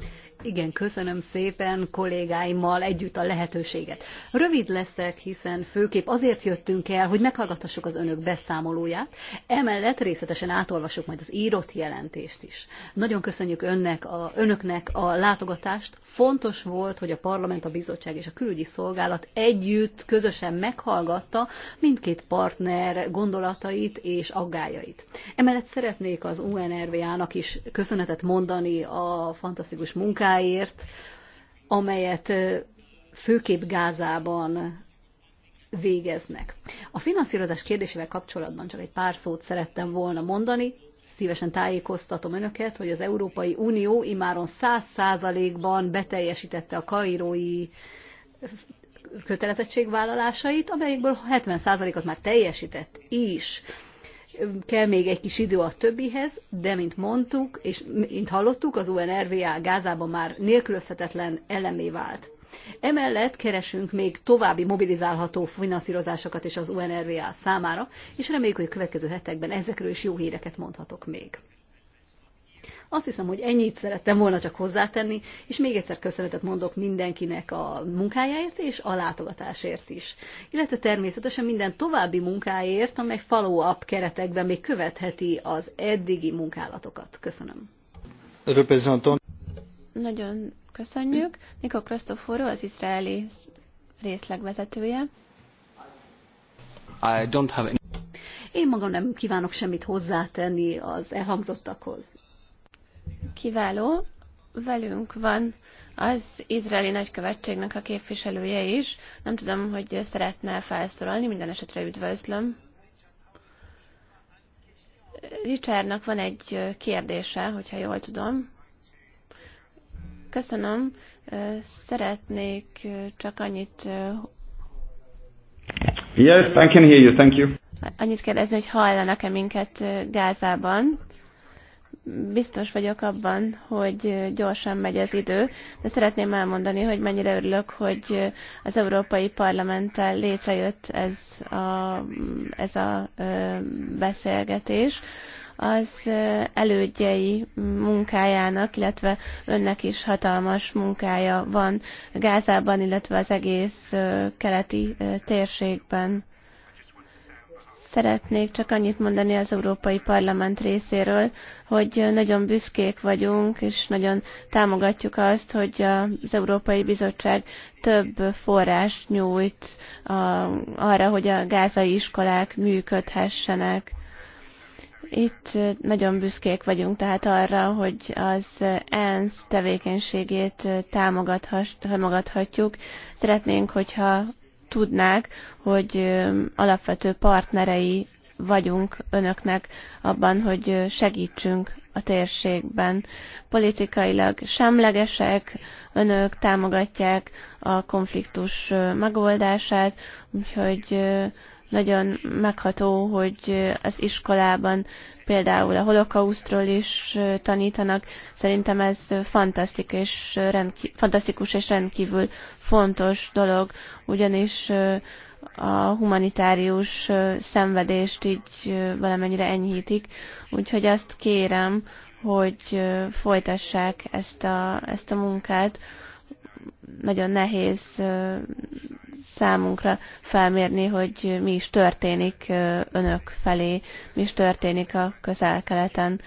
Igen, köszönöm szépen kollégáimmal együtt a lehetőséget. Rövid leszek, hiszen főképp azért jöttünk el, hogy meghallgathassuk az önök beszámolóját, emellett részletesen átolvasok majd az írott jelentést is. Nagyon köszönjük önnek a, önöknek a látogatást. Fontos volt, hogy a Parlament, a Bizottság és a Külügyi Szolgálat együtt, közösen meghallgatta mindkét partner gondolatait és aggájait. Emellett szeretnék az UNRVA-nak is köszönetet mondani a fantasztikus munkáját, hibáért, amelyet főképp Gázában végeznek. A finanszírozás kérdésével kapcsolatban csak egy pár szót szerettem volna mondani. Szívesen tájékoztatom önöket, hogy az Európai Unió imáron 100%-ban beteljesítette a kairói kötelezettségvállalásait, amelyekből 70%-ot már teljesített is kell még egy kis idő a többihez, de mint mondtuk, és mint hallottuk, az UNRVA Gázában már nélkülözhetetlen elemé vált. Emellett keresünk még további mobilizálható finanszírozásokat is az UNRVA számára, és reméljük, hogy a következő hetekben ezekről is jó híreket mondhatok még. Azt hiszem, hogy ennyit szerettem volna csak hozzátenni, és még egyszer köszönetet mondok mindenkinek a munkájáért és a látogatásért is. Illetve természetesen minden további munkáért, amely follow-up keretekben még követheti az eddigi munkálatokat. Köszönöm. Nagyon köszönjük. Niko Krasztoforó, az izraeli részlegvezetője. I don't have any... Én magam nem kívánok semmit hozzátenni az elhangzottakhoz. Kiváló. Velünk van az izraeli nagykövetségnek a képviselője is. Nem tudom, hogy szeretne felszólalni, minden esetre üdvözlöm. Richardnak van egy kérdése, hogyha jól tudom. Köszönöm. Szeretnék csak annyit... Yes, I can hear you, thank you. Annyit kérdezni, hogy hallanak-e minket Gázában biztos vagyok abban, hogy gyorsan megy az idő, de szeretném elmondani, hogy mennyire örülök, hogy az Európai Parlamenttel létrejött ez a, ez a beszélgetés az elődjei munkájának, illetve önnek is hatalmas munkája van Gázában, illetve az egész keleti térségben. Szeretnék csak annyit mondani az Európai Parlament részéről, hogy nagyon büszkék vagyunk, és nagyon támogatjuk azt, hogy az Európai Bizottság több forrás nyújt arra, hogy a gázai iskolák működhessenek. Itt nagyon büszkék vagyunk tehát arra, hogy az ENSZ tevékenységét támogathatjuk. Szeretnénk, hogyha tudnák, hogy alapvető partnerei vagyunk önöknek abban, hogy segítsünk a térségben. Politikailag semlegesek, önök támogatják a konfliktus megoldását, úgyhogy nagyon megható, hogy az iskolában például a holokausztról is tanítanak. Szerintem ez rendkív- fantasztikus és rendkívül fontos dolog, ugyanis a humanitárius szenvedést így valamennyire enyhítik. Úgyhogy azt kérem, hogy folytassák ezt a, ezt a munkát, nagyon nehéz számunkra felmérni, hogy mi is történik önök felé, mi is történik a közel-keleten.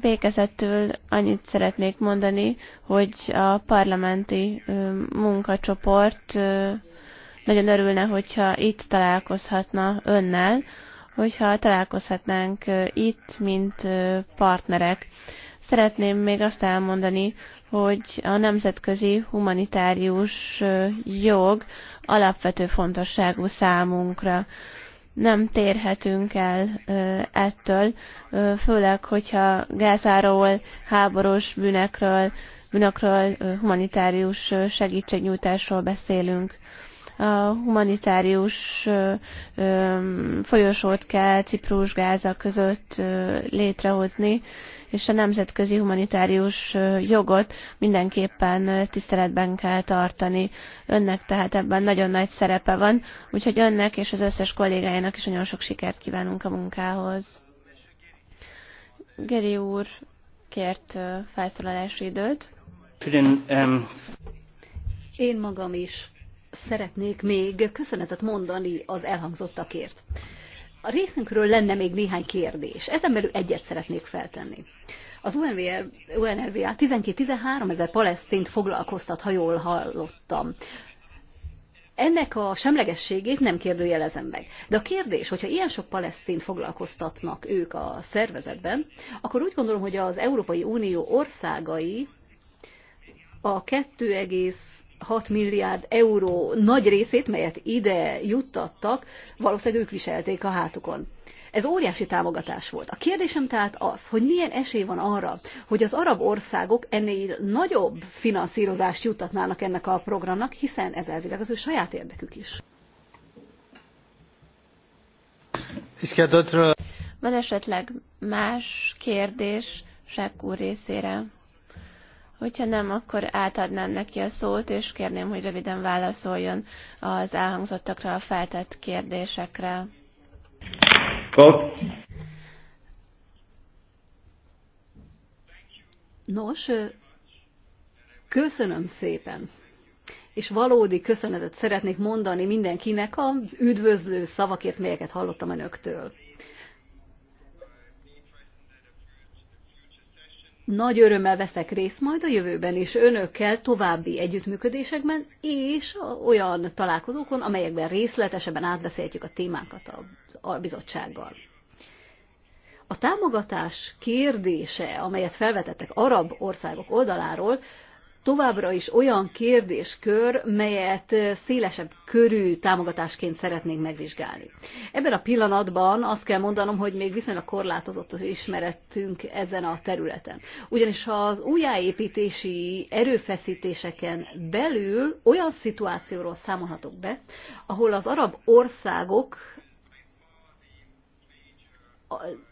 Végezetül annyit szeretnék mondani, hogy a parlamenti munkacsoport nagyon örülne, hogyha itt találkozhatna önnel, hogyha találkozhatnánk itt, mint partnerek. Szeretném még azt elmondani, hogy a nemzetközi humanitárius jog alapvető fontosságú számunkra. Nem térhetünk el ettől, főleg, hogyha Gázáról, háborús bűnekről, bűnökről, humanitárius segítségnyújtásról beszélünk a humanitárius folyosót kell Ciprus Gáza között létrehozni, és a nemzetközi humanitárius jogot mindenképpen tiszteletben kell tartani. Önnek tehát ebben nagyon nagy szerepe van, úgyhogy önnek és az összes kollégájának is nagyon sok sikert kívánunk a munkához. Geri úr kért felszólalási időt. Um, Én magam is szeretnék még köszönetet mondani az elhangzottakért. A részünkről lenne még néhány kérdés. Ezen belül egyet szeretnék feltenni. Az UNRVA 12-13 ezer palesztint foglalkoztat, ha jól hallottam. Ennek a semlegességét nem kérdőjelezem meg. De a kérdés, hogyha ilyen sok palesztint foglalkoztatnak ők a szervezetben, akkor úgy gondolom, hogy az Európai Unió országai a 6 milliárd euró nagy részét, melyet ide juttattak, valószínűleg ők viselték a hátukon. Ez óriási támogatás volt. A kérdésem tehát az, hogy milyen esély van arra, hogy az arab országok ennél nagyobb finanszírozást juttatnának ennek a programnak, hiszen ez elvileg az ő saját érdekük is. Van esetleg más kérdés Sekkú részére? Hogyha nem, akkor átadnám neki a szót, és kérném, hogy röviden válaszoljon az elhangzottakra, a feltett kérdésekre. Well. Nos, köszönöm szépen, és valódi köszönetet szeretnék mondani mindenkinek az üdvözlő szavakért, melyeket hallottam önöktől. nagy örömmel veszek részt majd a jövőben is önökkel további együttműködésekben és olyan találkozókon, amelyekben részletesebben átbeszélhetjük a témákat az albizottsággal. A támogatás kérdése, amelyet felvetettek arab országok oldaláról, továbbra is olyan kérdéskör, melyet szélesebb körű támogatásként szeretnénk megvizsgálni. Ebben a pillanatban azt kell mondanom, hogy még viszonylag korlátozott az ismeretünk ezen a területen. Ugyanis ha az újjáépítési erőfeszítéseken belül olyan szituációról számolhatok be, ahol az arab országok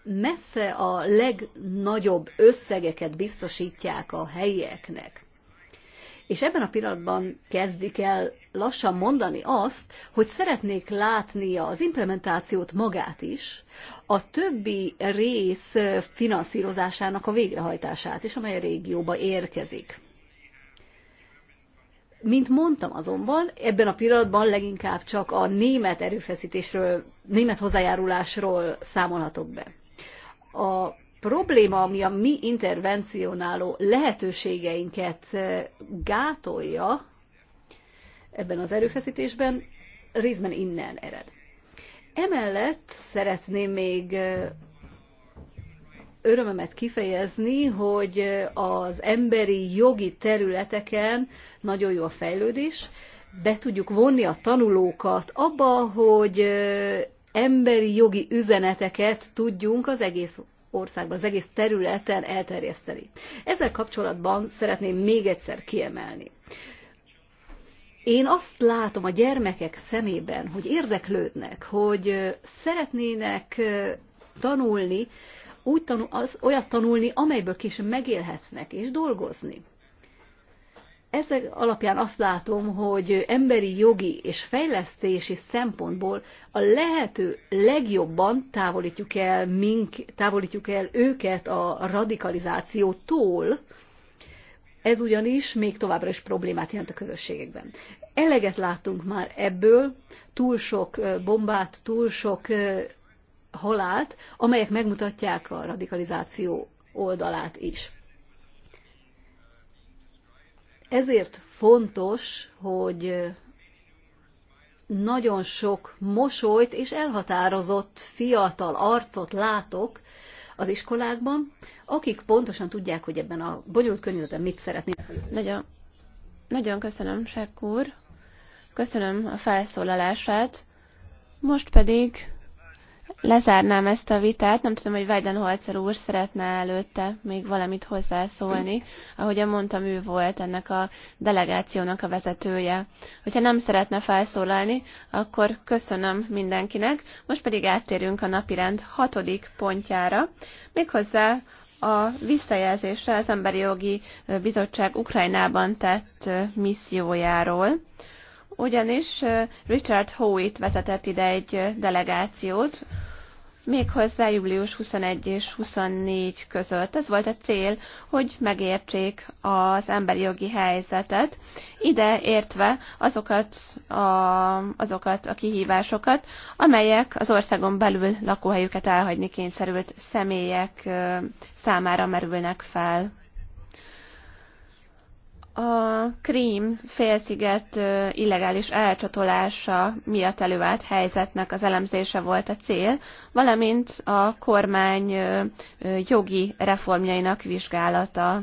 messze a legnagyobb összegeket biztosítják a helyieknek és ebben a pillanatban kezdik el lassan mondani azt, hogy szeretnék látni az implementációt magát is, a többi rész finanszírozásának a végrehajtását is, amely a régióba érkezik. Mint mondtam azonban, ebben a pillanatban leginkább csak a német erőfeszítésről, német hozzájárulásról számolhatok be. A probléma, ami a mi intervencionáló lehetőségeinket gátolja ebben az erőfeszítésben, részben innen ered. Emellett szeretném még örömömet kifejezni, hogy az emberi jogi területeken nagyon jó a fejlődés, be tudjuk vonni a tanulókat abba, hogy emberi jogi üzeneteket tudjunk az egész országban, az egész területen elterjeszteni. Ezzel kapcsolatban szeretném még egyszer kiemelni. Én azt látom a gyermekek szemében, hogy érdeklődnek, hogy szeretnének tanulni, úgy tanul, az, olyat tanulni, amelyből később megélhetnek és dolgozni ezek alapján azt látom, hogy emberi jogi és fejlesztési szempontból a lehető legjobban távolítjuk el, mink, távolítjuk el őket a radikalizációtól, ez ugyanis még továbbra is problémát jelent a közösségekben. Eleget láttunk már ebből, túl sok bombát, túl sok halált, amelyek megmutatják a radikalizáció oldalát is. Ezért fontos, hogy nagyon sok mosolyt és elhatározott fiatal arcot látok az iskolákban, akik pontosan tudják, hogy ebben a bonyolult környezetben mit szeretnének. Nagyon, nagyon köszönöm, Sekkur. Köszönöm a felszólalását. Most pedig lezárnám ezt a vitát. Nem tudom, hogy Weidenholzer úr szeretne előtte még valamit hozzászólni. Ahogy mondtam, ő volt ennek a delegációnak a vezetője. Hogyha nem szeretne felszólalni, akkor köszönöm mindenkinek. Most pedig áttérünk a napirend hatodik pontjára, méghozzá a visszajelzésre az Emberi Jogi Bizottság Ukrajnában tett missziójáról ugyanis Richard Howitt vezetett ide egy delegációt, méghozzá július 21 és 24 között. Ez volt a cél, hogy megértsék az emberi jogi helyzetet, ide értve azokat a, azokat a kihívásokat, amelyek az országon belül lakóhelyüket elhagyni kényszerült személyek számára merülnek fel a Krím félsziget illegális elcsatolása miatt előállt helyzetnek az elemzése volt a cél, valamint a kormány jogi reformjainak vizsgálata.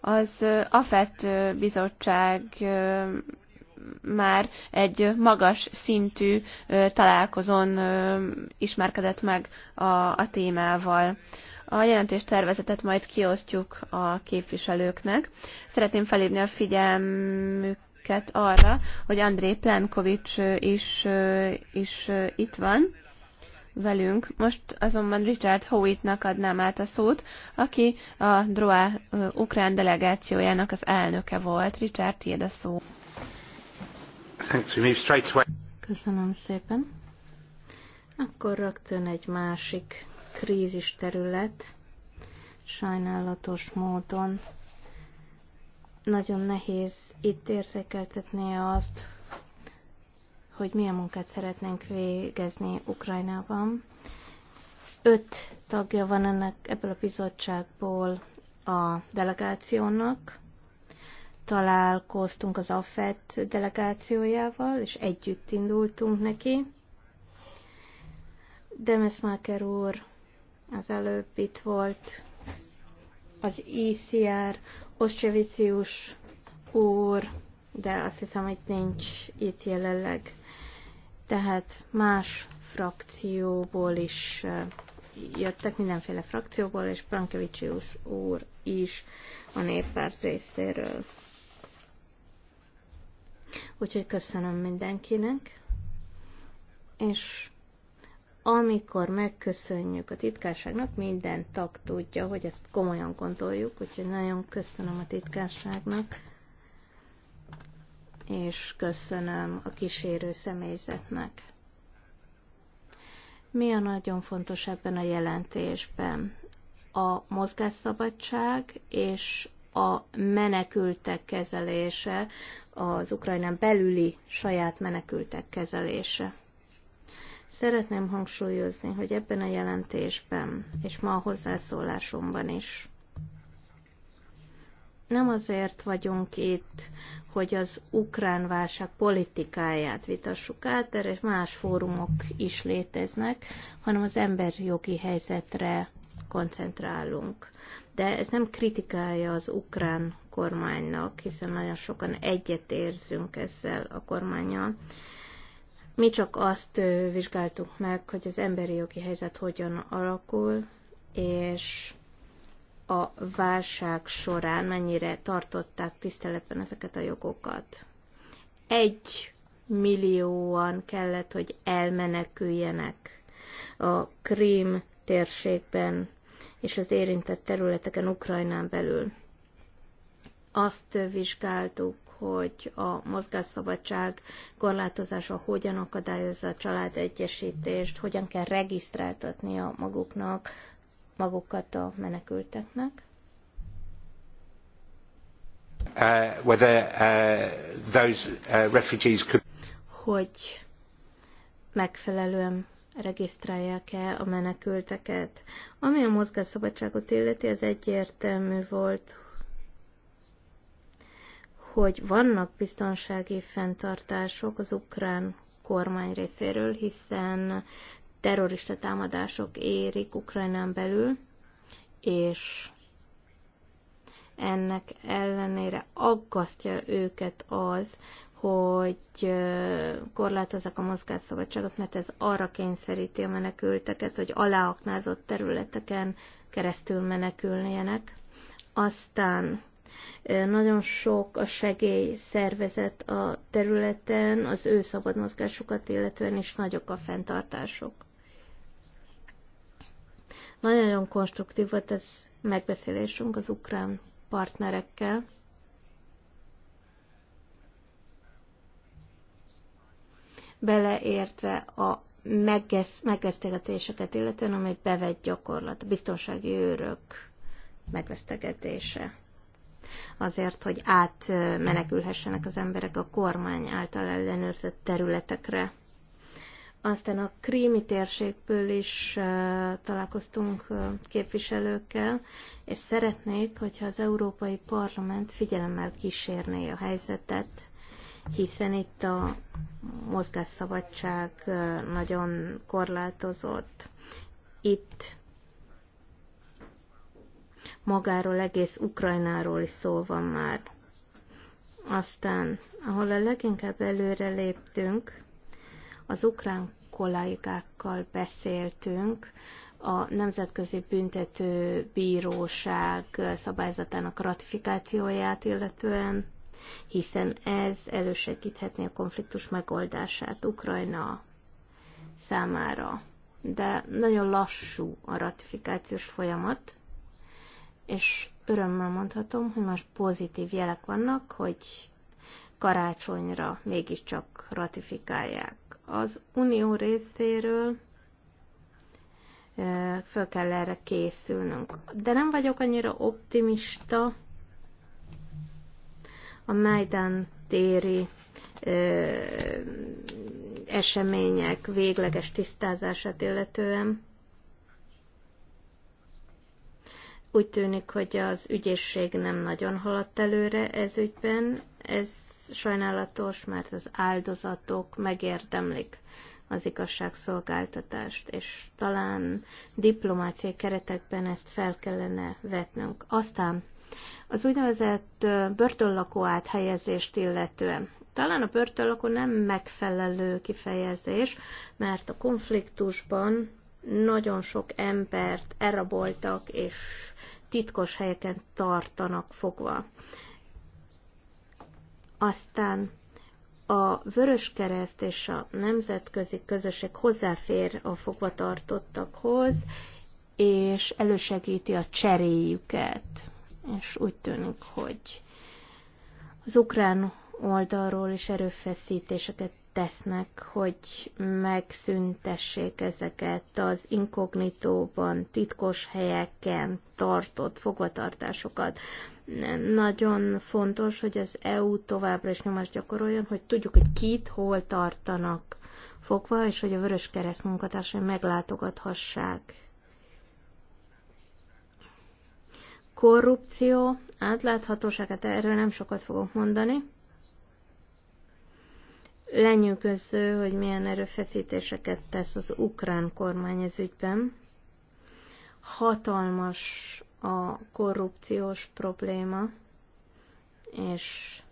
Az AFET bizottság már egy magas szintű találkozón ismerkedett meg a, a témával. A jelentés tervezetet majd kiosztjuk a képviselőknek. Szeretném felhívni a figyelmük arra, hogy André Plenkovics is, is itt van velünk. Most azonban Richard Howittnak adnám át a szót, aki a DROA ukrán delegációjának az elnöke volt. Richard, tiéd a szó. Köszönöm szépen. Akkor rögtön egy másik krízis terület. Sajnálatos módon nagyon nehéz itt érzékeltetni azt, hogy milyen munkát szeretnénk végezni Ukrajnában. Öt tagja van ennek ebből a bizottságból a delegációnak, találkoztunk az AFET delegációjával, és együtt indultunk neki. Demesmaker úr az előbb itt volt, az ICR, e Ostrevicius úr, de azt hiszem, hogy nincs itt jelenleg. Tehát más frakcióból is eh, jöttek, mindenféle frakcióból, és Prankevicius úr is a néppárt részéről. Úgyhogy köszönöm mindenkinek, és amikor megköszönjük a titkárságnak, minden tag tudja, hogy ezt komolyan gondoljuk, úgyhogy nagyon köszönöm a titkárságnak, és köszönöm a kísérő személyzetnek. Mi a nagyon fontos ebben a jelentésben? A mozgásszabadság és a menekültek kezelése az Ukrajnán belüli saját menekültek kezelése. Szeretném hangsúlyozni, hogy ebben a jelentésben, és ma a hozzászólásomban is, nem azért vagyunk itt, hogy az ukrán válság politikáját vitassuk át, erre más fórumok is léteznek, hanem az emberjogi helyzetre koncentrálunk. De ez nem kritikálja az ukrán kormánynak, hiszen nagyon sokan egyetérzünk ezzel a kormányjal. Mi csak azt vizsgáltuk meg, hogy az emberi jogi helyzet hogyan alakul, és a válság során mennyire tartották tiszteletben ezeket a jogokat. Egy millióan kellett, hogy elmeneküljenek a Krím térségben és az érintett területeken Ukrajnán belül. Azt vizsgáltuk, hogy a mozgásszabadság korlátozása hogyan akadályozza a családegyesítést, hogyan kell a maguknak, magukat a menekülteknek. Uh, whether uh, those uh, refugees could... Hogy megfelelően regisztrálják-e a menekülteket. Ami a mozgásszabadságot illeti, az egyértelmű volt, hogy vannak biztonsági fenntartások az ukrán kormány részéről, hiszen terrorista támadások érik Ukrajnán belül, és ennek ellenére aggasztja őket az, hogy korlátozzák a mozgásszabadságot, mert ez arra kényszeríti a menekülteket, hogy aláaknázott területeken keresztül menekülnének. Aztán nagyon sok a segélyszervezet a területen, az ő szabad mozgásukat illetően is nagyok a fenntartások. Nagyon-nagyon konstruktív volt ez megbeszélésünk az ukrán partnerekkel, beleértve a megvesztegetéseket, illetően amely bevett gyakorlat, a biztonsági őrök megvesztegetése. Azért, hogy átmenekülhessenek az emberek a kormány által ellenőrzött területekre. Aztán a krími térségből is találkoztunk képviselőkkel, és szeretnék, hogyha az Európai Parlament figyelemmel kísérné a helyzetet, hiszen itt a mozgásszabadság nagyon korlátozott. Itt magáról, egész Ukrajnáról is szó van már. Aztán, ahol a leginkább előre léptünk, az ukrán kollégákkal beszéltünk, a Nemzetközi Büntető Bíróság szabályzatának ratifikációját illetően, hiszen ez elősegíthetné a konfliktus megoldását Ukrajna számára. De nagyon lassú a ratifikációs folyamat, és örömmel mondhatom, hogy most pozitív jelek vannak, hogy karácsonyra mégiscsak ratifikálják. Az unió részéről föl kell erre készülnünk. De nem vagyok annyira optimista, a Majdán téri ö, események végleges tisztázását illetően. Úgy tűnik, hogy az ügyészség nem nagyon haladt előre ez ügyben. Ez sajnálatos, mert az áldozatok megérdemlik az igazságszolgáltatást, és talán diplomáciai keretekben ezt fel kellene vetnünk. Aztán az úgynevezett börtönlakó áthelyezést illetően. Talán a börtönlakó nem megfelelő kifejezés, mert a konfliktusban nagyon sok embert elraboltak és titkos helyeken tartanak fogva. Aztán a Kereszt és a nemzetközi közösség hozzáfér a fogvatartottakhoz, és elősegíti a cseréjüket és úgy tűnik, hogy az ukrán oldalról is erőfeszítéseket tesznek, hogy megszüntessék ezeket az inkognitóban, titkos helyeken tartott fogvatartásokat. Nagyon fontos, hogy az EU továbbra is nyomást gyakoroljon, hogy tudjuk, hogy kit hol tartanak fogva, és hogy a Vörös Kereszt munkatársai meglátogathassák Korrupció, átláthatóság, hát erről nem sokat fogok mondani. Lenyűgöző, hogy milyen erőfeszítéseket tesz az ukrán kormány ez ügyben. Hatalmas a korrupciós probléma, és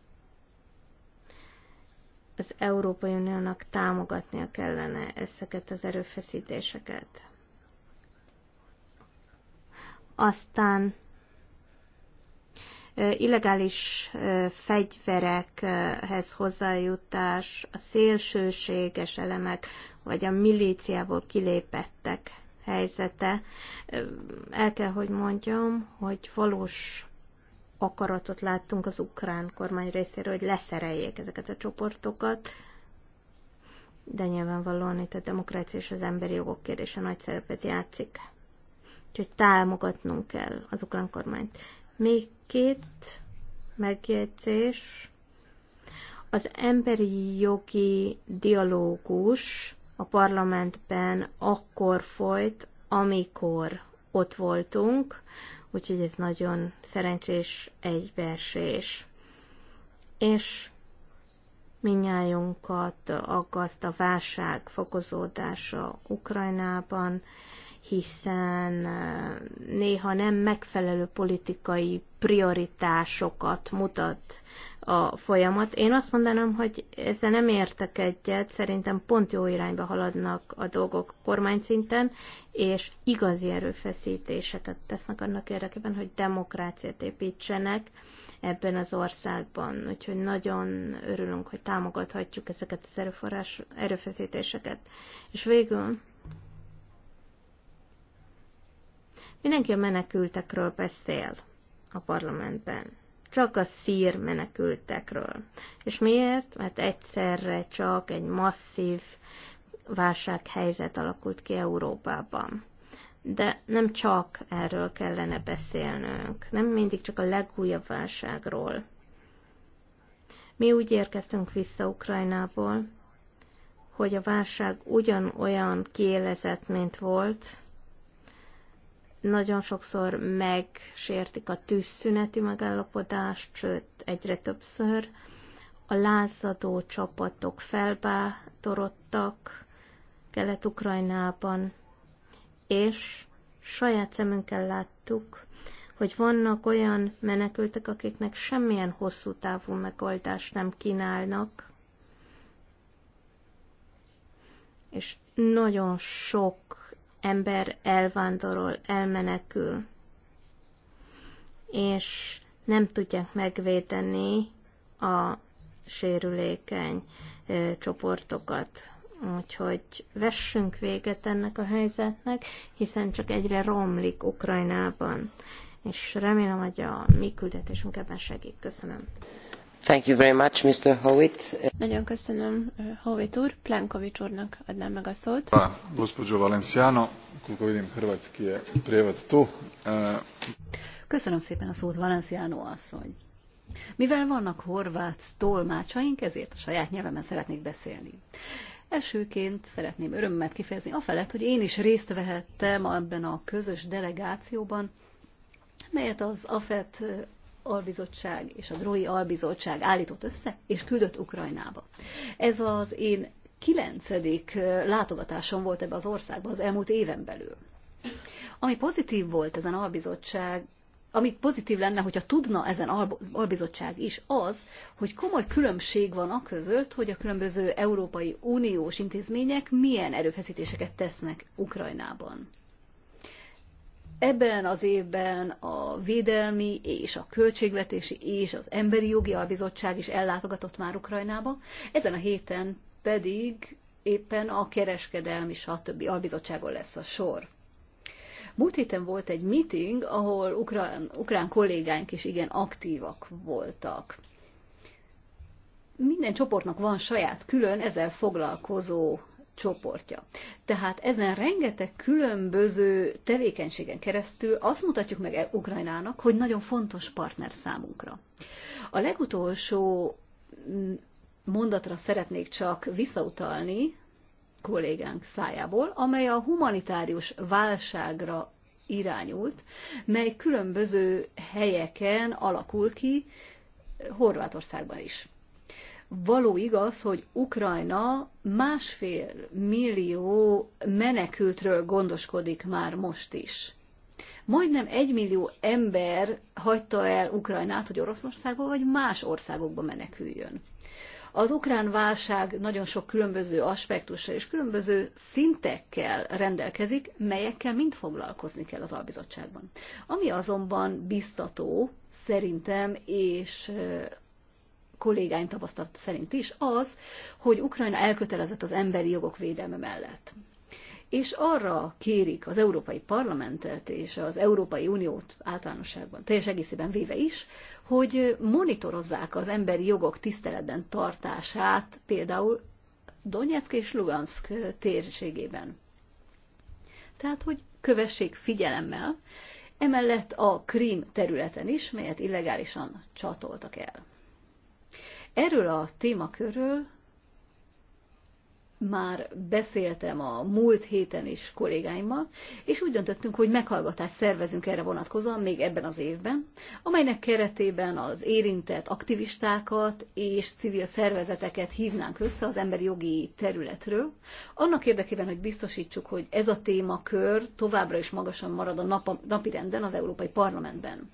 az Európai Uniónak támogatnia kellene ezeket az erőfeszítéseket. Aztán illegális fegyverekhez hozzájutás, a szélsőséges elemek, vagy a milíciából kilépettek helyzete. El kell, hogy mondjam, hogy valós akaratot láttunk az ukrán kormány részéről, hogy leszereljék ezeket a csoportokat, de nyilvánvalóan itt a demokrácia és az emberi jogok kérdése nagy szerepet játszik. Úgyhogy támogatnunk kell az ukrán kormányt. Még két megjegyzés. Az emberi jogi dialógus a parlamentben akkor folyt, amikor ott voltunk, úgyhogy ez nagyon szerencsés egybeesés. És minnyájunkat aggaszt a válság fokozódása Ukrajnában, hiszen eh, néha nem megfelelő politikai prioritásokat mutat a folyamat. Én azt mondanám, hogy ezzel nem értek egyet, szerintem pont jó irányba haladnak a dolgok kormányszinten, és igazi erőfeszítéseket tesznek annak érdekében, hogy demokráciát építsenek ebben az országban. Úgyhogy nagyon örülünk, hogy támogathatjuk ezeket az erőforrás, erőfeszítéseket. És végül Mindenki a menekültekről beszél a parlamentben. Csak a szír menekültekről. És miért? Mert egyszerre csak egy masszív válsághelyzet alakult ki Európában. De nem csak erről kellene beszélnünk, nem mindig csak a legújabb válságról. Mi úgy érkeztünk vissza Ukrajnából, hogy a válság ugyanolyan kiélezett, mint volt, nagyon sokszor megsértik a tűzszüneti megállapodást, sőt, egyre többször. A lázadó csapatok felbátorodtak Kelet-Ukrajnában, és saját szemünkkel láttuk, hogy vannak olyan menekültek, akiknek semmilyen hosszú távú megoldást nem kínálnak, és nagyon sok ember elvándorol, elmenekül, és nem tudják megvédeni a sérülékeny csoportokat. Úgyhogy vessünk véget ennek a helyzetnek, hiszen csak egyre romlik Ukrajnában. És remélem, hogy a mi küldetésünk ebben segít. Köszönöm. Nagyon köszönöm eh, Howitt úr. Plenković úrnak adnám meg a szót. Valenciano. Koliko vidim, hrvatski je prijevod tu. Eh, köszönöm szépen a szót, Valenciano asszony. Mivel vannak horvát tolmácsaink, ezért a saját nyelvemen szeretnék beszélni. Elsőként szeretném örömmel kifejezni afelett, hogy én is részt vehettem ebben a közös delegációban, melyet az AFET albizottság és a Drói albizottság állított össze, és küldött Ukrajnába. Ez az én kilencedik látogatásom volt ebbe az országba az elmúlt éven belül. Ami pozitív volt ezen albizottság, ami pozitív lenne, hogyha tudna ezen albizottság is, az, hogy komoly különbség van a között, hogy a különböző Európai Uniós intézmények milyen erőfeszítéseket tesznek Ukrajnában. Ebben az évben a Védelmi és a Költségvetési és az Emberi Jogi Albizottság is ellátogatott már Ukrajnába, ezen a héten pedig éppen a kereskedelmi, és a többi albizottságon lesz a sor. Múlt héten volt egy meeting, ahol ukrán, ukrán kollégáink is igen aktívak voltak. Minden csoportnak van saját külön ezzel foglalkozó csoportja. Tehát ezen rengeteg különböző tevékenységen keresztül azt mutatjuk meg Ukrajnának, hogy nagyon fontos partner számunkra. A legutolsó mm, mondatra szeretnék csak visszautalni kollégánk szájából, amely a humanitárius válságra irányult, mely különböző helyeken alakul ki, Horvátországban is. Való igaz, hogy Ukrajna másfél millió menekültről gondoskodik már most is. Majdnem egy millió ember hagyta el Ukrajnát, hogy Oroszországba vagy más országokba meneküljön. Az ukrán válság nagyon sok különböző aspektussal és különböző szintekkel rendelkezik, melyekkel mind foglalkozni kell az albizottságban. Ami azonban biztató szerintem, és kollégáim tapasztalat szerint is az, hogy Ukrajna elkötelezett az emberi jogok védelme mellett. És arra kérik az Európai Parlamentet és az Európai Uniót általánosságban, teljes egészében véve is, hogy monitorozzák az emberi jogok tiszteletben tartását például Donetsk és Lugansk térségében. Tehát, hogy kövessék figyelemmel, emellett a Krím területen is, melyet illegálisan csatoltak el. Erről a témakörről már beszéltem a múlt héten is kollégáimmal, és úgy döntöttünk, hogy meghallgatást szervezünk erre vonatkozóan még ebben az évben, amelynek keretében az érintett aktivistákat és civil szervezeteket hívnánk össze az emberi jogi területről, annak érdekében, hogy biztosítsuk, hogy ez a témakör továbbra is magasan marad a napi renden az Európai Parlamentben.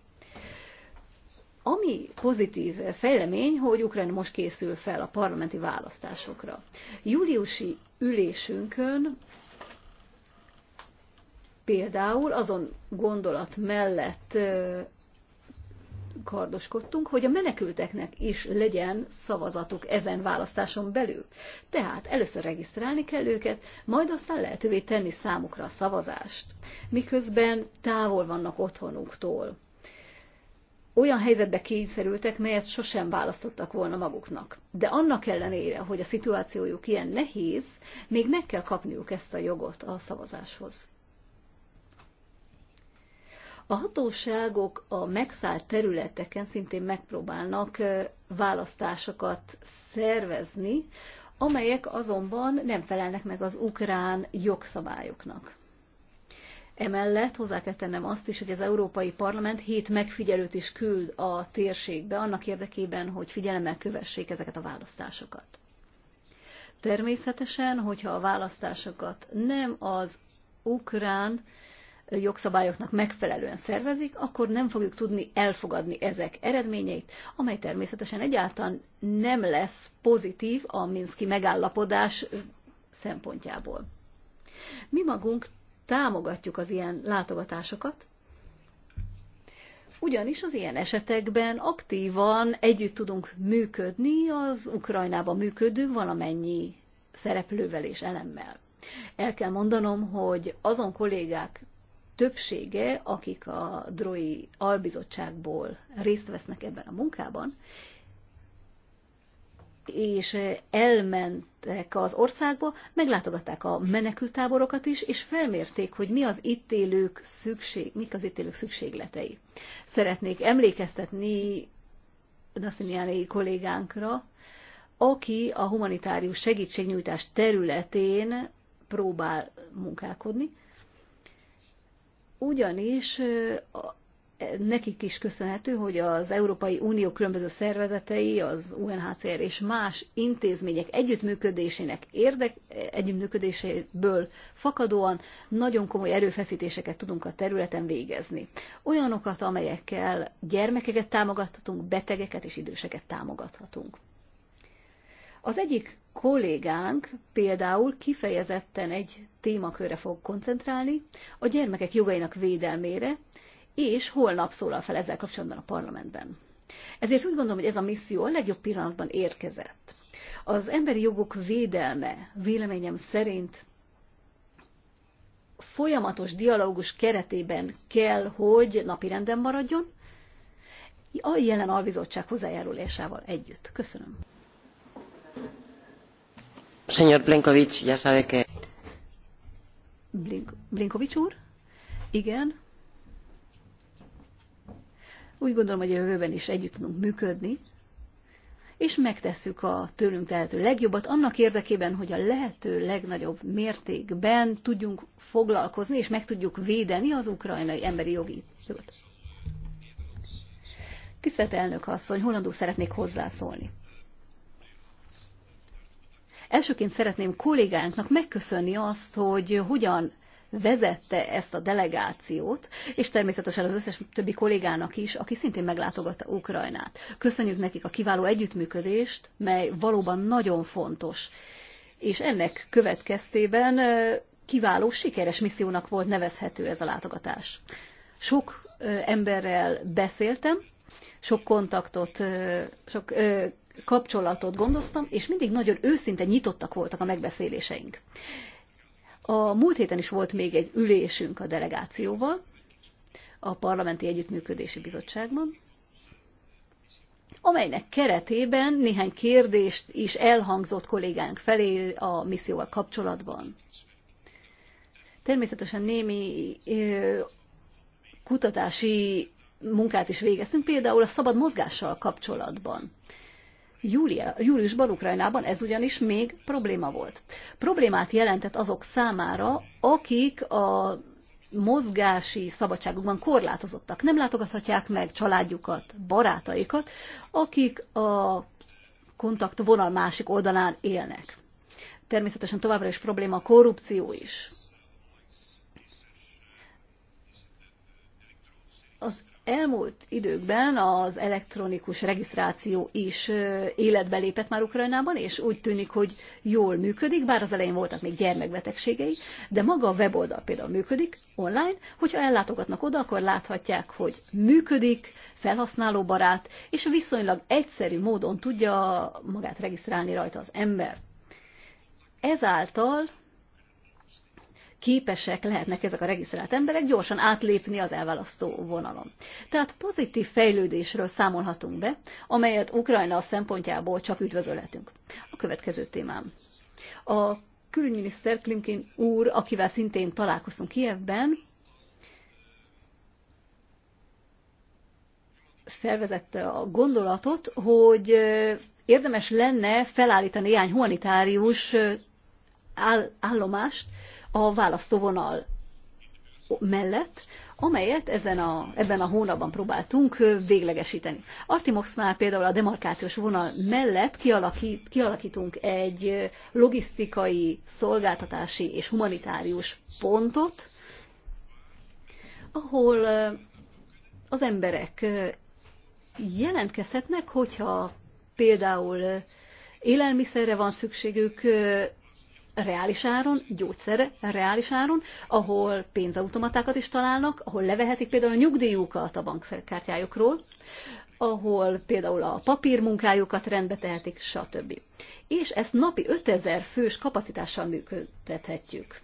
Ami pozitív fejlemény, hogy Ukrajna most készül fel a parlamenti választásokra. Júliusi ülésünkön például azon gondolat mellett kardoskodtunk, hogy a menekülteknek is legyen szavazatuk ezen választáson belül. Tehát először regisztrálni kell őket, majd aztán lehetővé tenni számukra a szavazást, miközben távol vannak otthonuktól olyan helyzetbe kényszerültek, melyet sosem választottak volna maguknak. De annak ellenére, hogy a szituációjuk ilyen nehéz, még meg kell kapniuk ezt a jogot a szavazáshoz. A hatóságok a megszállt területeken szintén megpróbálnak választásokat szervezni, amelyek azonban nem felelnek meg az ukrán jogszabályoknak. Emellett hozzá kell tennem azt is, hogy az Európai Parlament hét megfigyelőt is küld a térségbe, annak érdekében, hogy figyelemmel kövessék ezeket a választásokat. Természetesen, hogyha a választásokat nem az ukrán jogszabályoknak megfelelően szervezik, akkor nem fogjuk tudni elfogadni ezek eredményeit, amely természetesen egyáltalán nem lesz pozitív a Minszki megállapodás szempontjából. Mi magunk támogatjuk az ilyen látogatásokat, ugyanis az ilyen esetekben aktívan együtt tudunk működni az Ukrajnában működő valamennyi szereplővel és elemmel. El kell mondanom, hogy azon kollégák többsége, akik a DROI albizottságból részt vesznek ebben a munkában, és eh, elmentek az országba, meglátogatták a menekültáborokat is, és felmérték, hogy mi az itt élők szükség, mik az itt élők szükségletei. Szeretnék emlékeztetni Nassimiani kollégánkra, aki a humanitárius segítségnyújtás területén próbál munkálkodni, ugyanis eh, nekik is köszönhető, hogy az Európai Unió különböző szervezetei, az UNHCR és más intézmények együttműködésének érdek, együttműködéséből fakadóan nagyon komoly erőfeszítéseket tudunk a területen végezni. Olyanokat, amelyekkel gyermekeket támogathatunk, betegeket és időseket támogathatunk. Az egyik kollégánk például kifejezetten egy témakörre fog koncentrálni, a gyermekek jogainak védelmére, és holnap szólal fel ezzel kapcsolatban a parlamentben. Ezért úgy gondolom, hogy ez a misszió a legjobb pillanatban érkezett. Az emberi jogok védelme véleményem szerint folyamatos dialógus keretében kell, hogy napirenden maradjon, a jelen alvizottság hozzájárulásával együtt. Köszönöm. Señor Blinkovics, ya sabe que... Blink, Blinkovics úr? Igen. Úgy gondolom, hogy a jövőben is együtt tudunk működni, és megtesszük a tőlünk lehető legjobbat annak érdekében, hogy a lehető legnagyobb mértékben tudjunk foglalkozni, és meg tudjuk védeni az ukrajnai emberi jogi jogot. Tisztelt elnök asszony, hollandul szeretnék hozzászólni. Elsőként szeretném kollégánknak megköszönni azt, hogy hogyan vezette ezt a delegációt, és természetesen az összes többi kollégának is, aki szintén meglátogatta Ukrajnát. Köszönjük nekik a kiváló együttműködést, mely valóban nagyon fontos. És ennek következtében kiváló, sikeres missziónak volt nevezhető ez a látogatás. Sok emberrel beszéltem, sok kontaktot, sok kapcsolatot gondoztam, és mindig nagyon őszinte nyitottak voltak a megbeszéléseink. A múlt héten is volt még egy ülésünk a delegációval, a Parlamenti Együttműködési Bizottságban, amelynek keretében néhány kérdést is elhangzott kollégánk felé a misszióval kapcsolatban. Természetesen némi kutatási munkát is végeztünk, például a szabad mozgással kapcsolatban júlia, júliusban Ukrajnában ez ugyanis még probléma volt. Problémát jelentett azok számára, akik a mozgási szabadságukban korlátozottak. Nem látogathatják meg családjukat, barátaikat, akik a kontaktvonal másik oldalán élnek. Természetesen továbbra is probléma a korrupció is. Az elmúlt időkben az elektronikus regisztráció is életbe lépett már Ukrajnában, és úgy tűnik, hogy jól működik, bár az elején voltak még gyermekbetegségei, de maga a weboldal például működik online, hogyha ellátogatnak oda, akkor láthatják, hogy működik, felhasználóbarát, és viszonylag egyszerű módon tudja magát regisztrálni rajta az ember. Ezáltal képesek lehetnek ezek a regisztrált emberek gyorsan átlépni az elválasztó vonalon. Tehát pozitív fejlődésről számolhatunk be, amelyet Ukrajna szempontjából csak üdvözölhetünk. A következő témám. A külügyminiszter Klimkin úr, akivel szintén találkoztunk Kievben, felvezette a gondolatot, hogy érdemes lenne felállítani néhány humanitárius állomást, a választóvonal mellett, amelyet ezen a, ebben a hónapban próbáltunk véglegesíteni. Artimoxnál például a demarkációs vonal mellett kialakít, kialakítunk egy logisztikai, szolgáltatási és humanitárius pontot, ahol az emberek jelentkezhetnek, hogyha például élelmiszerre van szükségük, reális áron, gyógyszerre reális áron, ahol pénzautomatákat is találnak, ahol levehetik például a nyugdíjukat a bankkártyájukról, ahol például a papírmunkájukat rendbe tehetik, stb. És ezt napi 5000 fős kapacitással működtethetjük.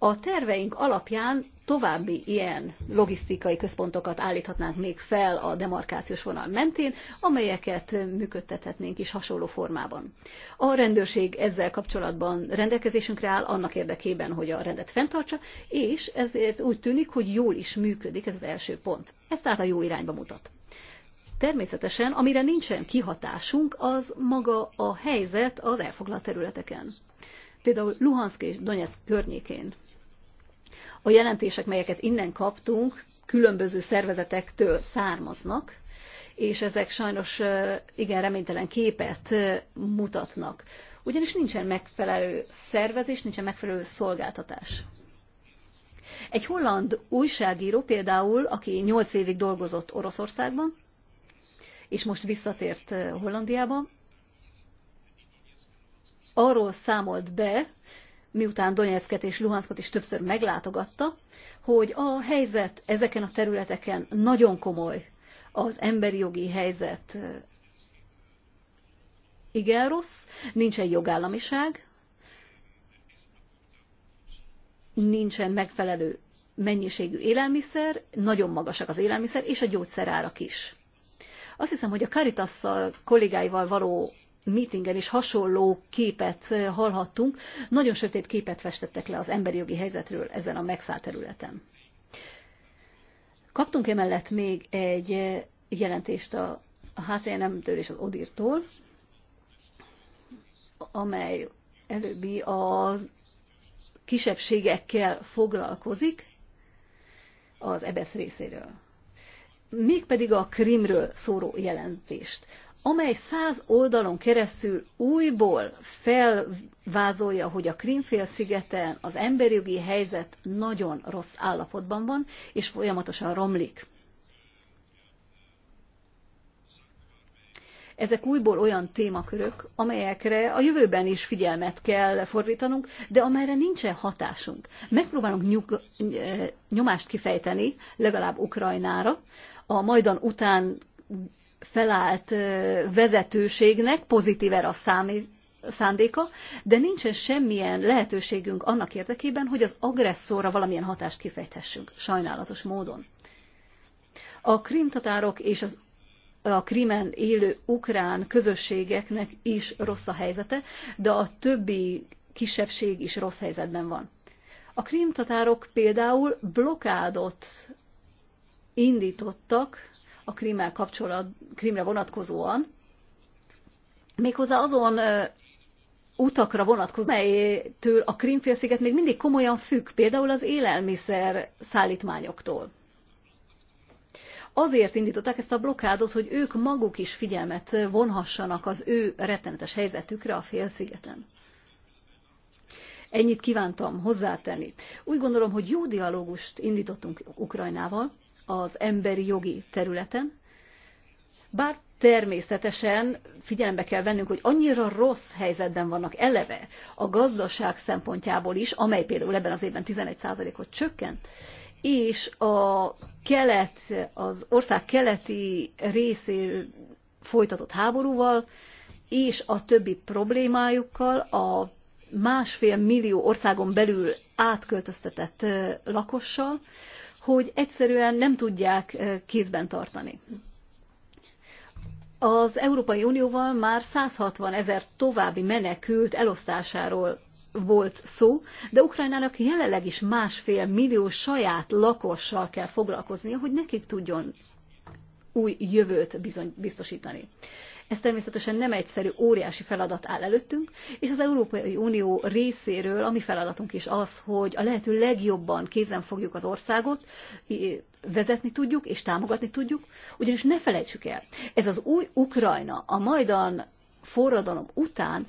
A terveink alapján további ilyen logisztikai központokat állíthatnánk még fel a demarkációs vonal mentén, amelyeket működtethetnénk is hasonló formában. A rendőrség ezzel kapcsolatban rendelkezésünkre áll annak érdekében, hogy a rendet fenntartsa, és ezért úgy tűnik, hogy jól is működik ez az első pont. Ez tehát a jó irányba mutat. Természetesen, amire nincsen kihatásunk, az maga a helyzet az elfoglalt területeken. Például Luhansk és Donetsk környékén a jelentések, melyeket innen kaptunk, különböző szervezetektől származnak, és ezek sajnos igen reménytelen képet mutatnak. Ugyanis nincsen megfelelő szervezés, nincsen megfelelő szolgáltatás. Egy holland újságíró például, aki 8 évig dolgozott Oroszországban, és most visszatért Hollandiába, arról számolt be, miután Donetszket és Luhanszkot is többször meglátogatta, hogy a helyzet ezeken a területeken nagyon komoly, az emberi jogi helyzet eh, igen rossz, nincsen jogállamiság, nincsen megfelelő mennyiségű élelmiszer, nagyon magasak az élelmiszer, és a gyógyszerárak is. Azt hiszem, hogy a Caritas kollégáival való mítingen is hasonló képet hallhattunk. Nagyon sötét képet festettek le az emberi jogi helyzetről ezen a megszállt területen. Kaptunk emellett még egy jelentést a HCNM-től és az Odírtól, amely előbbi az kisebbségekkel foglalkozik az EBSZ e részéről. Mégpedig a Krimről szóró jelentést amely száz oldalon keresztül újból felvázolja, hogy a szigeten az emberjogi helyzet nagyon rossz állapotban van, és folyamatosan romlik. Ezek újból olyan témakörök, amelyekre a jövőben is figyelmet kell fordítanunk, de amelyre nincsen hatásunk. Megpróbálunk nyug, nyomást kifejteni, legalább Ukrajnára, a Majdan után felállt vezetőségnek pozitív erre a számít, szándéka, de nincsen semmilyen lehetőségünk annak érdekében, hogy az agresszorra valamilyen hatást kifejthessünk, sajnálatos módon. A krimtatárok és az a krimen élő ukrán közösségeknek is rossz a helyzete, de a többi kisebbség is rossz helyzetben van. A krimtatárok például blokádot indítottak a krimmel kapcsolat, krimre vonatkozóan, méghozzá azon utakra vonatkozó, melytől a Krimfélsziget még mindig komolyan függ, például az élelmiszer szállítmányoktól. Azért indították ezt a blokádot, hogy ők maguk is figyelmet vonhassanak az ő rettenetes helyzetükre a félszigeten. Ennyit kívántam hozzátenni. Úgy gondolom, hogy jó dialógust indítottunk Ukrajnával, az emberi jogi területen, bár természetesen figyelembe kell vennünk, hogy annyira rossz helyzetben vannak eleve a gazdaság szempontjából is, amely például ebben az évben 11%-ot csökkent, és a kelet, az ország keleti részén folytatott háborúval, és a többi problémájukkal, a másfél millió országon belül átköltöztetett lakossal, hogy egyszerűen nem tudják kézben tartani. Az Európai Unióval már 160 ezer további menekült elosztásáról volt szó, de Ukrajnának jelenleg is másfél millió saját lakossal kell foglalkoznia, hogy nekik tudjon új jövőt bizony, biztosítani. Ez természetesen nem egyszerű, óriási feladat áll előttünk, és az Európai Unió részéről a mi feladatunk is az, hogy a lehető legjobban kézen fogjuk az országot, vezetni tudjuk és támogatni tudjuk, ugyanis ne felejtsük el, ez az új Ukrajna, a Majdan forradalom után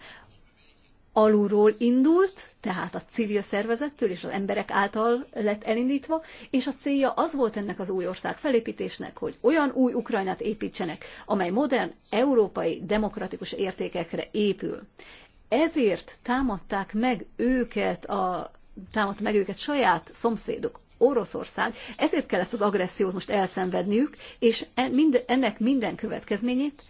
alulról indult, tehát a civil szervezettől és az emberek által lett elindítva, és a célja az volt ennek az új ország felépítésnek, hogy olyan új Ukrajnát építsenek, amely modern európai demokratikus értékekre épül. Ezért támadták meg őket a támadta meg őket saját szomszéduk, Oroszország, ezért kell ezt az agressziót most elszenvedniük, és e, ennek minden következményét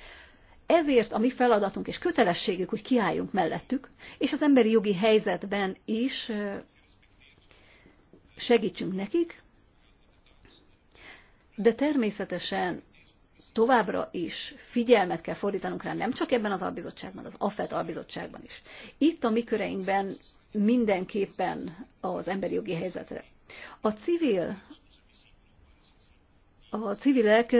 ezért a mi feladatunk és kötelességük, hogy kiálljunk mellettük, és az emberi jogi helyzetben is segítsünk nekik, de természetesen továbbra is figyelmet kell fordítanunk rá, nem csak ebben az albizottságban, az AFET albizottságban is. Itt a mi köreinkben mindenképpen az emberi jogi helyzetre. A civil a civilek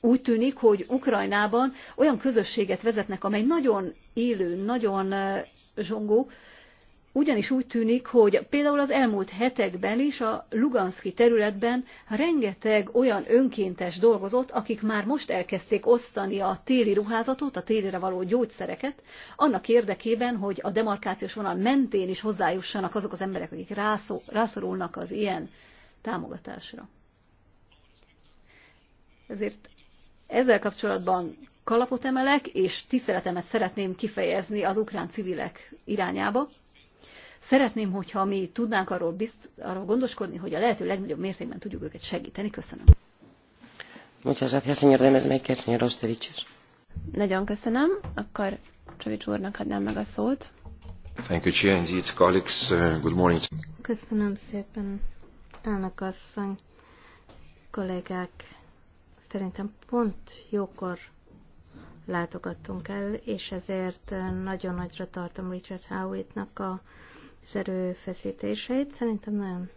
úgy tűnik, hogy Ukrajnában olyan közösséget vezetnek, amely nagyon élő, nagyon zsongó, ugyanis úgy tűnik, hogy például az elmúlt hetekben is a Luganszki területben rengeteg olyan önkéntes dolgozott, akik már most elkezdték osztani a téli ruházatot, a télire való gyógyszereket, annak érdekében, hogy a demarkációs vonal mentén is hozzájussanak azok az emberek, akik rászorulnak az ilyen támogatásra. Ezért ezzel kapcsolatban kalapot emelek, és tiszteletemet szeretném kifejezni az ukrán civilek irányába. Szeretném, hogyha mi tudnánk arról, bizt, arról gondoskodni, hogy a lehető legnagyobb mértékben tudjuk őket segíteni. Köszönöm. Muchas gracias, señor señor Nagyon köszönöm. Akkor Csavics úrnak adnám meg a szót. Thank you, indeed, colleagues. Uh, good morning. Köszönöm szépen, elnök asszony, kollégák. Szerintem pont jókor látogattunk el, és ezért nagyon nagyra tartom Richard Howittnak a az erőfeszítéseit. Szerintem nagyon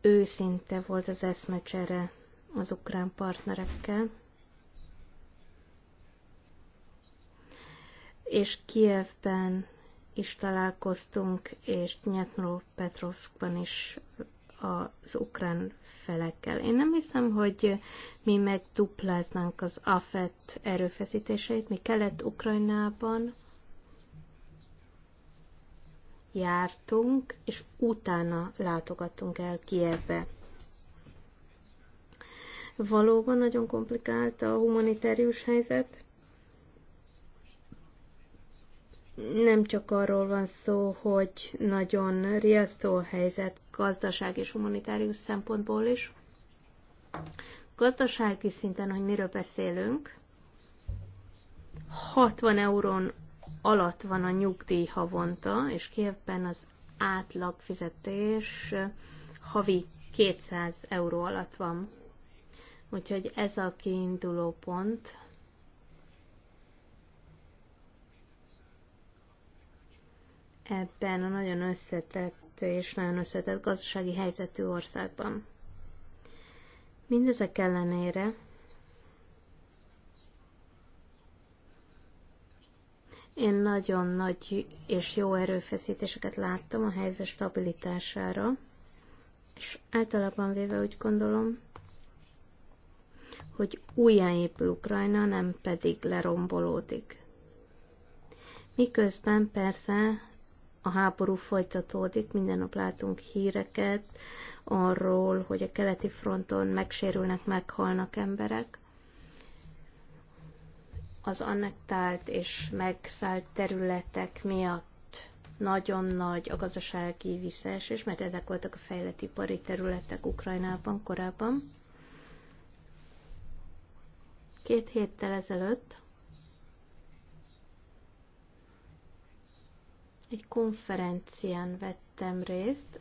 őszinte volt az eszmecsere az ukrán partnerekkel. És Kievben is találkoztunk, és Dnyetnó Petrovskban is az ukrán felekkel. Én nem hiszem, hogy mi megdupláznánk az AFET erőfeszítéseit. Mi Kelet-Ukrajnában jártunk, és utána látogattunk el Kievbe. Valóban nagyon komplikált a humanitárius helyzet. Nem csak arról van szó, hogy nagyon riasztó a helyzet gazdaság és humanitárius szempontból is. Gazdasági szinten, hogy miről beszélünk, 60 eurón alatt van a nyugdíj havonta, és képpen az átlag fizetés havi 200 euró alatt van. Úgyhogy ez a kiinduló pont. Ebben a nagyon összetett és nagyon összetett gazdasági helyzetű országban. Mindezek ellenére én nagyon nagy és jó erőfeszítéseket láttam a helyzet stabilitására, és általában véve úgy gondolom, hogy újjáépül Ukrajna, nem pedig lerombolódik. Miközben persze a háború folytatódik, minden nap látunk híreket arról, hogy a keleti fronton megsérülnek, meghalnak emberek. Az annektált és megszállt területek miatt nagyon nagy a gazdasági visszaesés, mert ezek voltak a fejlett ipari területek Ukrajnában korábban. Két héttel ezelőtt egy konferencián vettem részt,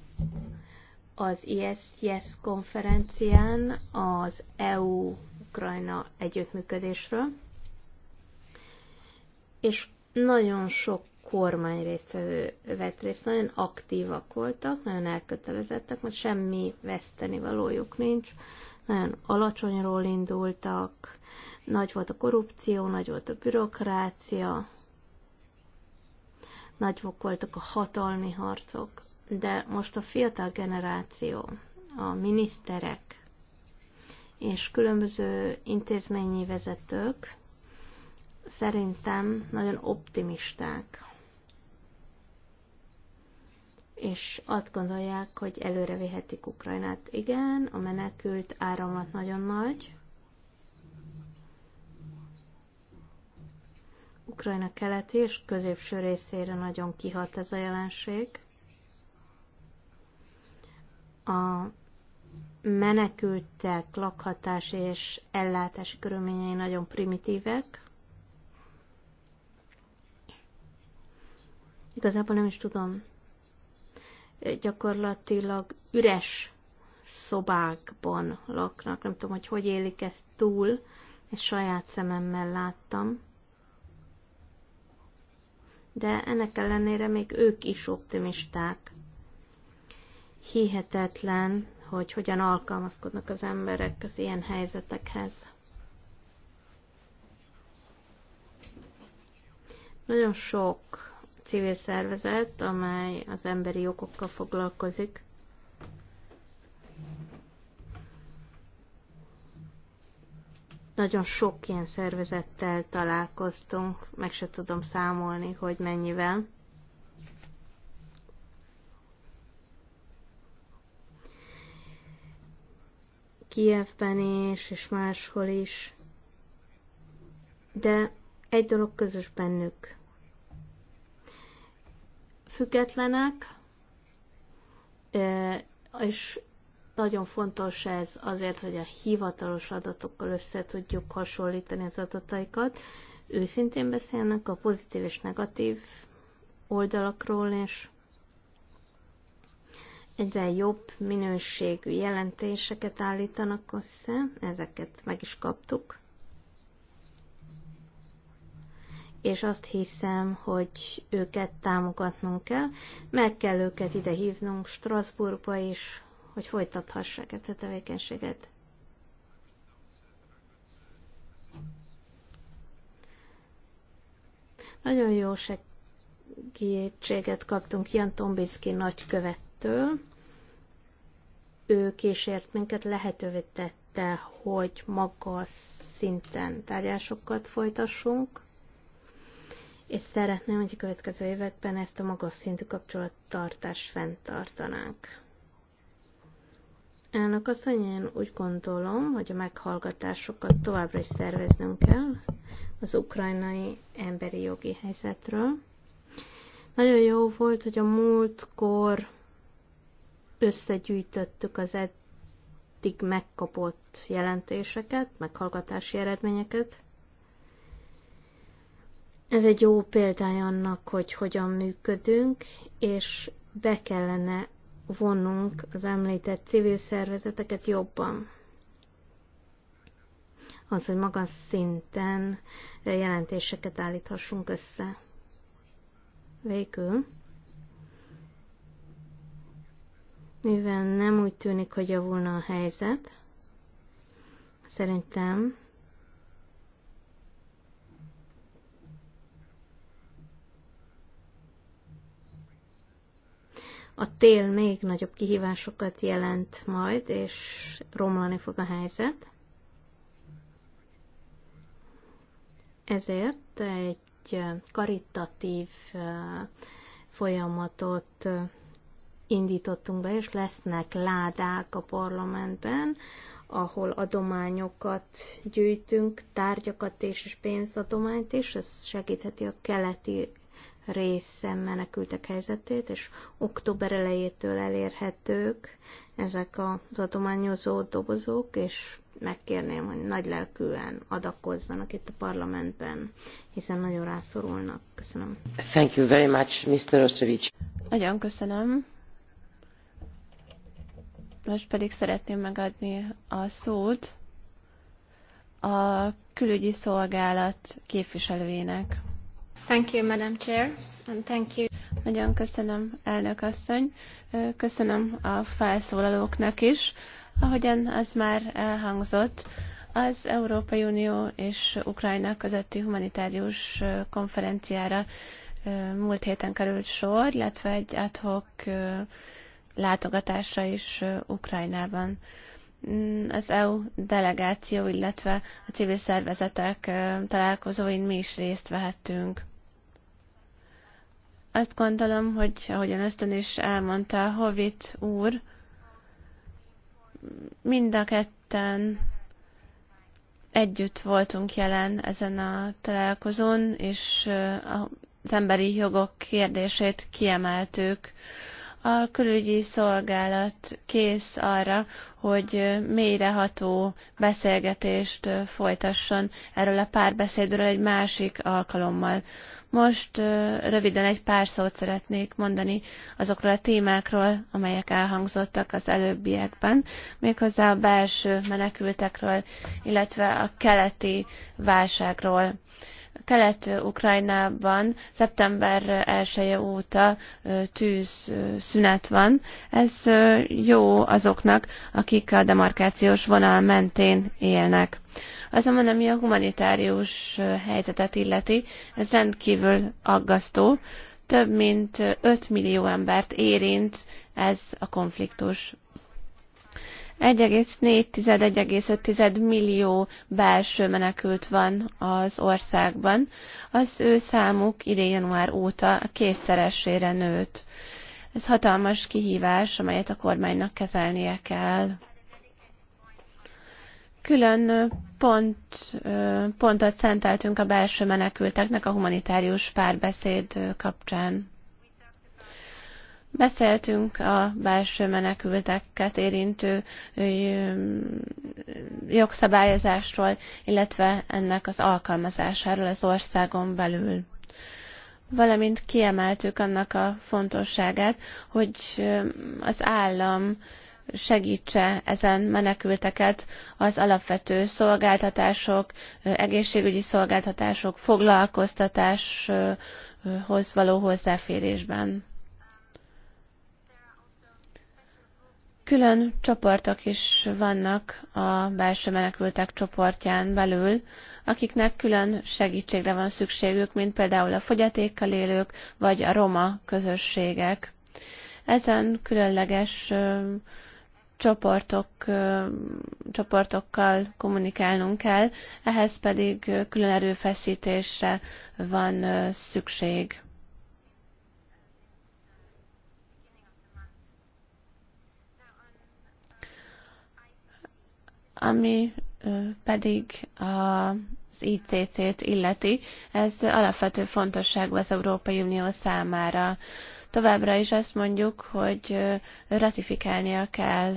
az ISS konferencián az EU-Ukrajna együttműködésről, és nagyon sok kormány résztvevő vett részt, nagyon aktívak voltak, nagyon elkötelezettek, mert semmi veszteni valójuk nincs, nagyon alacsonyról indultak, nagy volt a korrupció, nagy volt a bürokrácia, nagyok voltak a hatalmi harcok, de most a fiatal generáció, a miniszterek és különböző intézményi vezetők szerintem nagyon optimisták, és azt gondolják, hogy előre vihetik Ukrajnát. Igen, a menekült áramlat nagyon nagy, Ukrajna keleti és középső részére nagyon kihat ez a jelenség. A menekültek lakhatás és ellátási körülményei nagyon primitívek. Igazából nem is tudom. Gyakorlatilag üres szobákban laknak. Nem tudom, hogy hogy élik ezt túl. Ezt saját szememmel láttam de ennek ellenére még ők is optimisták. Hihetetlen, hogy hogyan alkalmazkodnak az emberek az ilyen helyzetekhez. Nagyon sok civil szervezet, amely az emberi jogokkal foglalkozik, Nagyon sok ilyen szervezettel találkoztunk, meg se tudom számolni, hogy mennyivel. Kievben is, és máshol is. De egy dolog közös bennük. Függetlenek, és nagyon fontos ez azért, hogy a hivatalos adatokkal össze tudjuk hasonlítani az adataikat. Őszintén beszélnek a pozitív és negatív oldalakról, és egyre jobb minőségű jelentéseket állítanak össze, ezeket meg is kaptuk. és azt hiszem, hogy őket támogatnunk kell. Meg kell őket ide hívnunk Strasbourgba is, hogy folytathassák ezt a tevékenységet. Nagyon jó segítséget kaptunk Jan Tombiszki nagykövettől. Ő kísért minket, lehetővé tette, hogy magas szinten tárgyásokat folytassunk, és szeretném, hogy a következő években ezt a magas szintű kapcsolattartást fenntartanánk. Elnök asszony, én úgy gondolom, hogy a meghallgatásokat továbbra is szerveznünk kell az ukrajnai emberi jogi helyzetről. Nagyon jó volt, hogy a múltkor összegyűjtöttük az eddig megkapott jelentéseket, meghallgatási eredményeket. Ez egy jó példája annak, hogy hogyan működünk, és be kellene vonunk az említett civil szervezeteket jobban. Az, hogy magas szinten jelentéseket állíthassunk össze. Végül, mivel nem úgy tűnik, hogy javulna a helyzet, szerintem a tél még nagyobb kihívásokat jelent majd, és romlani fog a helyzet. Ezért egy karitatív folyamatot indítottunk be, és lesznek ládák a parlamentben, ahol adományokat gyűjtünk, tárgyakat és pénzadományt is, ez segítheti a keleti része menekültek helyzetét, és október elejétől elérhetők ezek az adományozó dobozók, és megkérném, hogy nagy lelkűen adakozzanak itt a parlamentben, hiszen nagyon rászorulnak. Köszönöm. Thank you very much, Mr. Osztovics. Nagyon köszönöm. Most pedig szeretném megadni a szót a külügyi szolgálat képviselőjének. Thank you, Madam Chair, and thank you. Nagyon köszönöm, elnök asszony. Köszönöm a felszólalóknak is. Ahogyan az már elhangzott, az Európai Unió és Ukrajna közötti humanitárius konferenciára múlt héten került sor, illetve egy adhok látogatásra is Ukrajnában. Mm, az EU delegáció, illetve a civil szervezetek találkozóin mi is részt vehettünk. Azt gondolom, hogy ahogyan Ösztön is elmondta, Hovit úr, mind a ketten együtt voltunk jelen ezen a találkozón, és az emberi jogok kérdését kiemeltük a külügyi szolgálat kész arra, hogy mélyreható beszélgetést folytasson erről a párbeszédről egy másik alkalommal. Most röviden egy pár szót szeretnék mondani azokról a témákról, amelyek elhangzottak az előbbiekben, méghozzá a belső menekültekről, illetve a keleti válságról. Kelet-Ukrajnában szeptember 1 -e óta szünet van. Ez jó azoknak, akik a demarkációs vonal mentén élnek. Azonban ami a humanitárius helyzetet illeti, ez rendkívül aggasztó. Több mint 5 millió embert érint ez a konfliktus. 1,4-1,5 millió belső menekült van az országban. Az ő számuk idén január óta a kétszeresére nőtt. Ez hatalmas kihívás, amelyet a kormánynak kezelnie kell. Külön pont, pontot szenteltünk a belső menekülteknek a humanitárius párbeszéd kapcsán. Beszéltünk a belső menekülteket érintő jogszabályozásról, illetve ennek az alkalmazásáról az országon belül valamint kiemeltük annak a fontosságát, hogy az állam segítse ezen menekülteket az alapvető szolgáltatások, egészségügyi szolgáltatások, foglalkoztatáshoz való hozzáférésben. Külön csoportok is vannak a belső menekültek csoportján belül, akiknek külön segítségre van szükségük, mint például a fogyatékkal élők vagy a roma közösségek. Ezen különleges csoportok, csoportokkal kommunikálnunk kell, ehhez pedig külön erőfeszítésre van szükség. ami pedig a az ICC-t illeti, ez alapvető fontosságú az Európai Unió számára. Továbbra is azt mondjuk, hogy ratifikálnia kell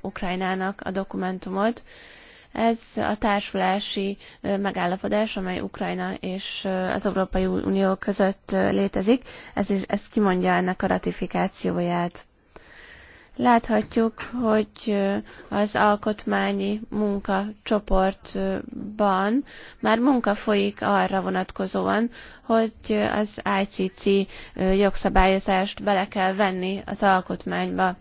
Ukrajnának a dokumentumot. Ez a társulási megállapodás, amely Ukrajna és az Európai Unió között létezik, ez, is, ez kimondja ennek a ratifikációját. Láthatjuk, hogy az alkotmányi munkacsoportban már munka folyik arra vonatkozóan, hogy az ICC jogszabályozást bele kell venni az alkotmányba.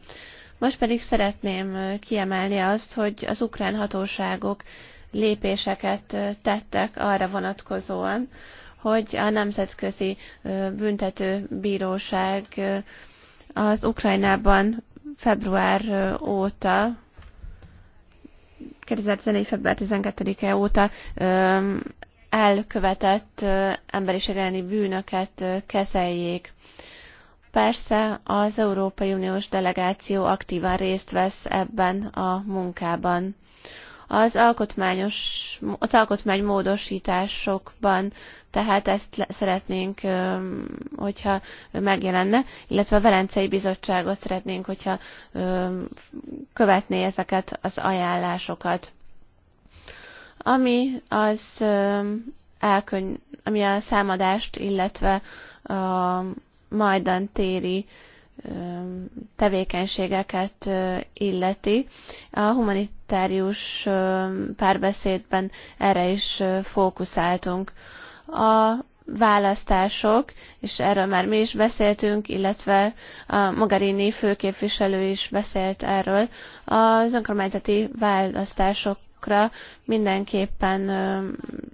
Most pedig szeretném kiemelni azt, hogy az ukrán hatóságok lépéseket tettek arra vonatkozóan, hogy a Nemzetközi Büntető Bíróság az Ukrajnában február óta 2014. február 12-e óta elkövetett emberiség elleni bűnöket kezeljék. Persze az Európai Uniós delegáció aktívan részt vesz ebben a munkában az alkotmányos, az alkotmány módosításokban, tehát ezt szeretnénk, hogyha megjelenne, illetve a Velencei Bizottságot szeretnénk, hogyha követné ezeket az ajánlásokat. Ami az elkön, ami a számadást, illetve a majdan téri tevékenységeket illeti. A humanit humanitárius párbeszédben erre is fókuszáltunk. A választások, és erről már mi is beszéltünk, illetve a Mogherini főképviselő is beszélt erről, az önkormányzati választások mindenképpen ö,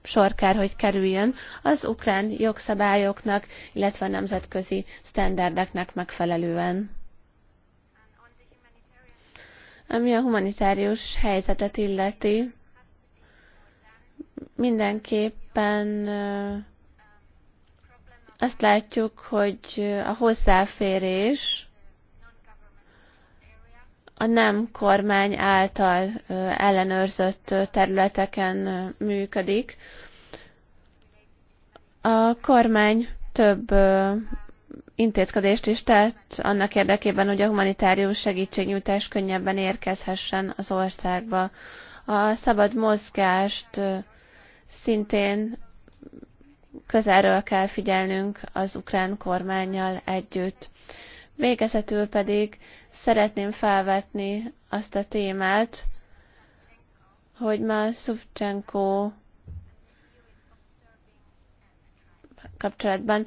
sor kell, hogy kerüljön az ukrán jogszabályoknak, illetve a nemzetközi sztenderdeknek megfelelően. Ami a humanitárius helyzetet illeti, mindenképpen azt látjuk, hogy a hozzáférés a nem kormány által ellenőrzött területeken működik. A kormány több intézkedést is tett annak érdekében, hogy a humanitárius segítségnyújtás könnyebben érkezhessen az országba. A szabad mozgást szintén közelről kell figyelnünk az ukrán kormányjal együtt. Végezetül pedig szeretném felvetni azt a témát, hogy ma Szuvcsenko kapcsolatban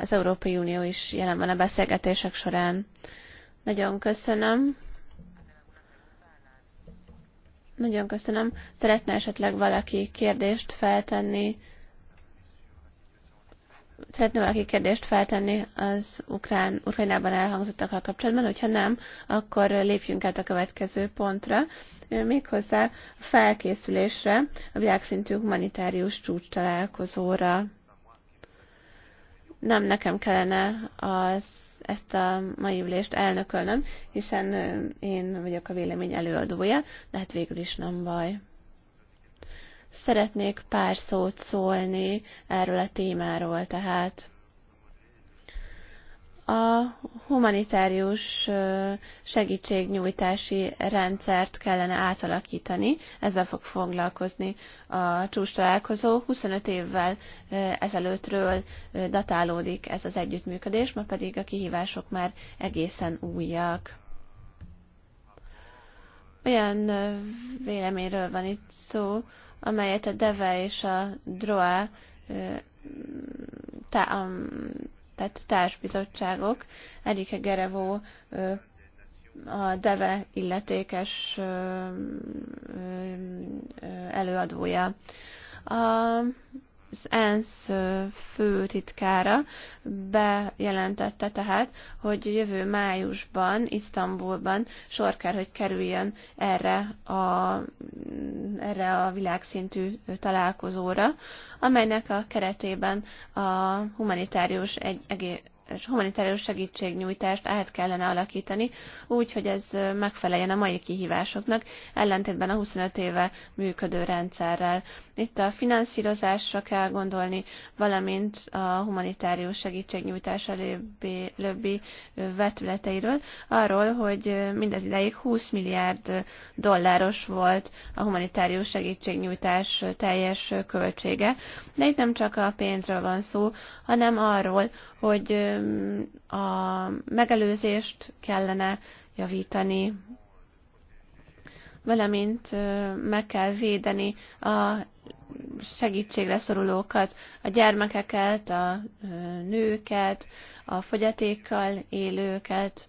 az Európai Unió is jelen van a beszélgetések során. Nagyon köszönöm. Nagyon köszönöm. Szeretne esetleg valaki kérdést feltenni? Szeretne valaki kérdést feltenni az ukrán, Ukrajnában elhangzottakkal kapcsolatban? Hogyha nem, akkor lépjünk át a következő pontra, méghozzá a felkészülésre, a világszintű humanitárius csúcs találkozóra nem nekem kellene az, ezt a mai ülést elnökölnöm, hiszen én vagyok a vélemény előadója, de hát végül is nem baj. Szeretnék pár szót szólni erről a témáról, tehát a humanitárius segítségnyújtási rendszert kellene átalakítani, ezzel fog foglalkozni a csúcs találkozó. 25 évvel ezelőttről datálódik ez az együttműködés, ma pedig a kihívások már egészen újak. Olyan véleményről van itt szó, amelyet a DEVE és a DROA tehát társbizottságok. Erike Gerevó a DEVE illetékes előadója. A az ENSZ főtitkára bejelentette tehát, hogy jövő májusban, Isztambulban sor kell, hogy kerüljön erre a, erre a világszintű találkozóra, amelynek a keretében a humanitárius egy, egész, humanitárius segítségnyújtást át kellene alakítani, úgy, hogy ez megfeleljen a mai kihívásoknak, ellentétben a 25 éve működő rendszerrel. Itt a finanszírozásra kell gondolni, valamint a humanitárius segítségnyújtás előbbi vetületeiről, arról, hogy mindez ideig 20 milliárd dolláros volt a humanitárius segítségnyújtás teljes költsége, de itt nem csak a pénzről van szó, hanem arról, hogy a megelőzést kellene javítani, valamint meg kell védeni a segítségre szorulókat, a gyermekeket, a nőket, a fogyatékkal élőket,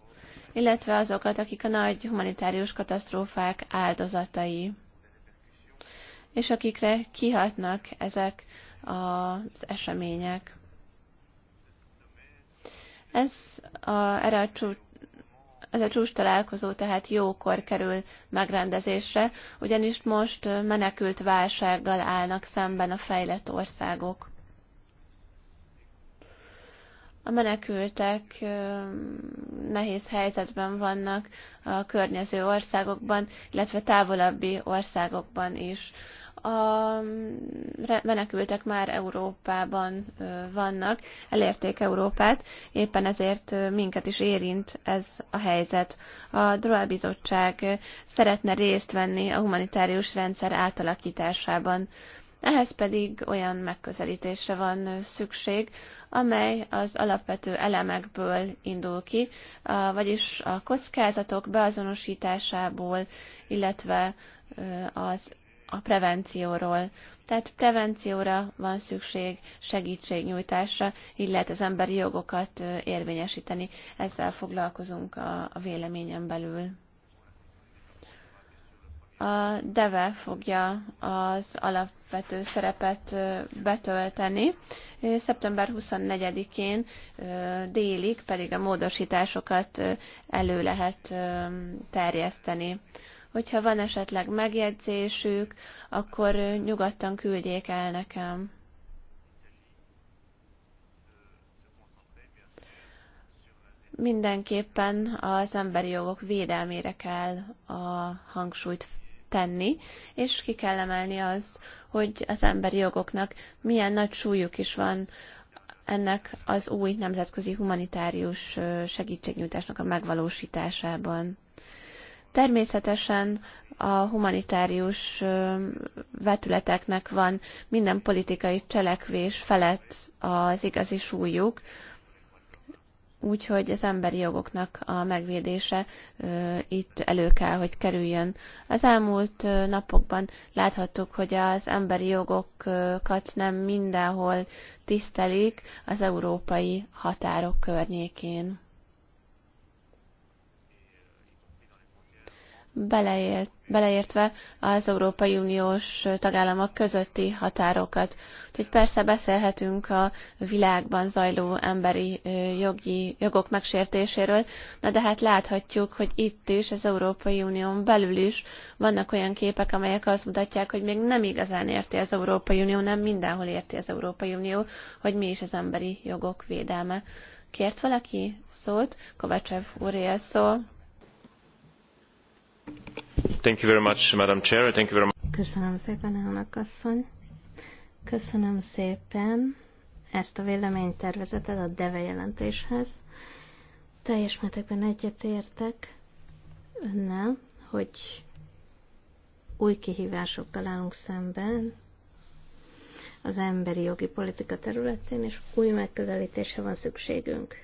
illetve azokat, akik a nagy humanitárius katasztrófák áldozatai, és akikre kihatnak ezek az események. Ez a, erre a csúcs ez a csúcs találkozó tehát jókor kerül megrendezésre, ugyanis most menekült válsággal állnak szemben a fejlett országok. A menekültek nehéz helyzetben vannak a környező országokban, illetve távolabbi országokban is a menekültek már Európában vannak, elérték Európát, éppen ezért minket is érint ez a helyzet. A Droá Bizottság szeretne részt venni a humanitárius rendszer átalakításában. Ehhez pedig olyan megközelítésre van szükség, amely az alapvető elemekből indul ki, vagyis a kockázatok beazonosításából, illetve az a prevencióról. Tehát prevencióra van szükség, segítségnyújtásra, így lehet az emberi jogokat érvényesíteni. Ezzel foglalkozunk a, a véleményen belül. A DEVE fogja az alapvető szerepet betölteni. Szeptember 24-én délig pedig a módosításokat elő lehet terjeszteni. Hogyha van esetleg megjegyzésük, akkor nyugodtan küldjék el nekem. Mindenképpen az emberi jogok védelmére kell a hangsúlyt tenni, és ki kell emelni azt, hogy az emberi jogoknak milyen nagy súlyuk is van ennek az új nemzetközi humanitárius segítségnyújtásnak a megvalósításában. Természetesen a humanitárius vetületeknek van minden politikai cselekvés felett az igazi súlyuk, úgyhogy az emberi jogoknak a megvédése itt elő kell, hogy kerüljön. Az elmúlt napokban láthattuk, hogy az emberi jogokat nem mindenhol tisztelik az európai határok környékén. beleért, beleértve az Európai Uniós tagállamok közötti határokat. Úgyhogy persze beszélhetünk a világban zajló emberi jogi, jogok megsértéséről, na de hát láthatjuk, hogy itt is, az Európai Unión belül is vannak olyan képek, amelyek azt mutatják, hogy még nem igazán érti az Európai Unió, nem mindenhol érti az Európai Unió, hogy mi is az emberi jogok védelme. Kért valaki szót? Kovacsev úr szó. Köszönöm szépen, elnök asszony. Köszönöm szépen ezt a véleménytervezetet a DEVE jelentéshez. Teljes mértékben egyetértek önnel, hogy új kihívásokkal állunk szemben az emberi jogi politika területén, és új megközelítésre van szükségünk.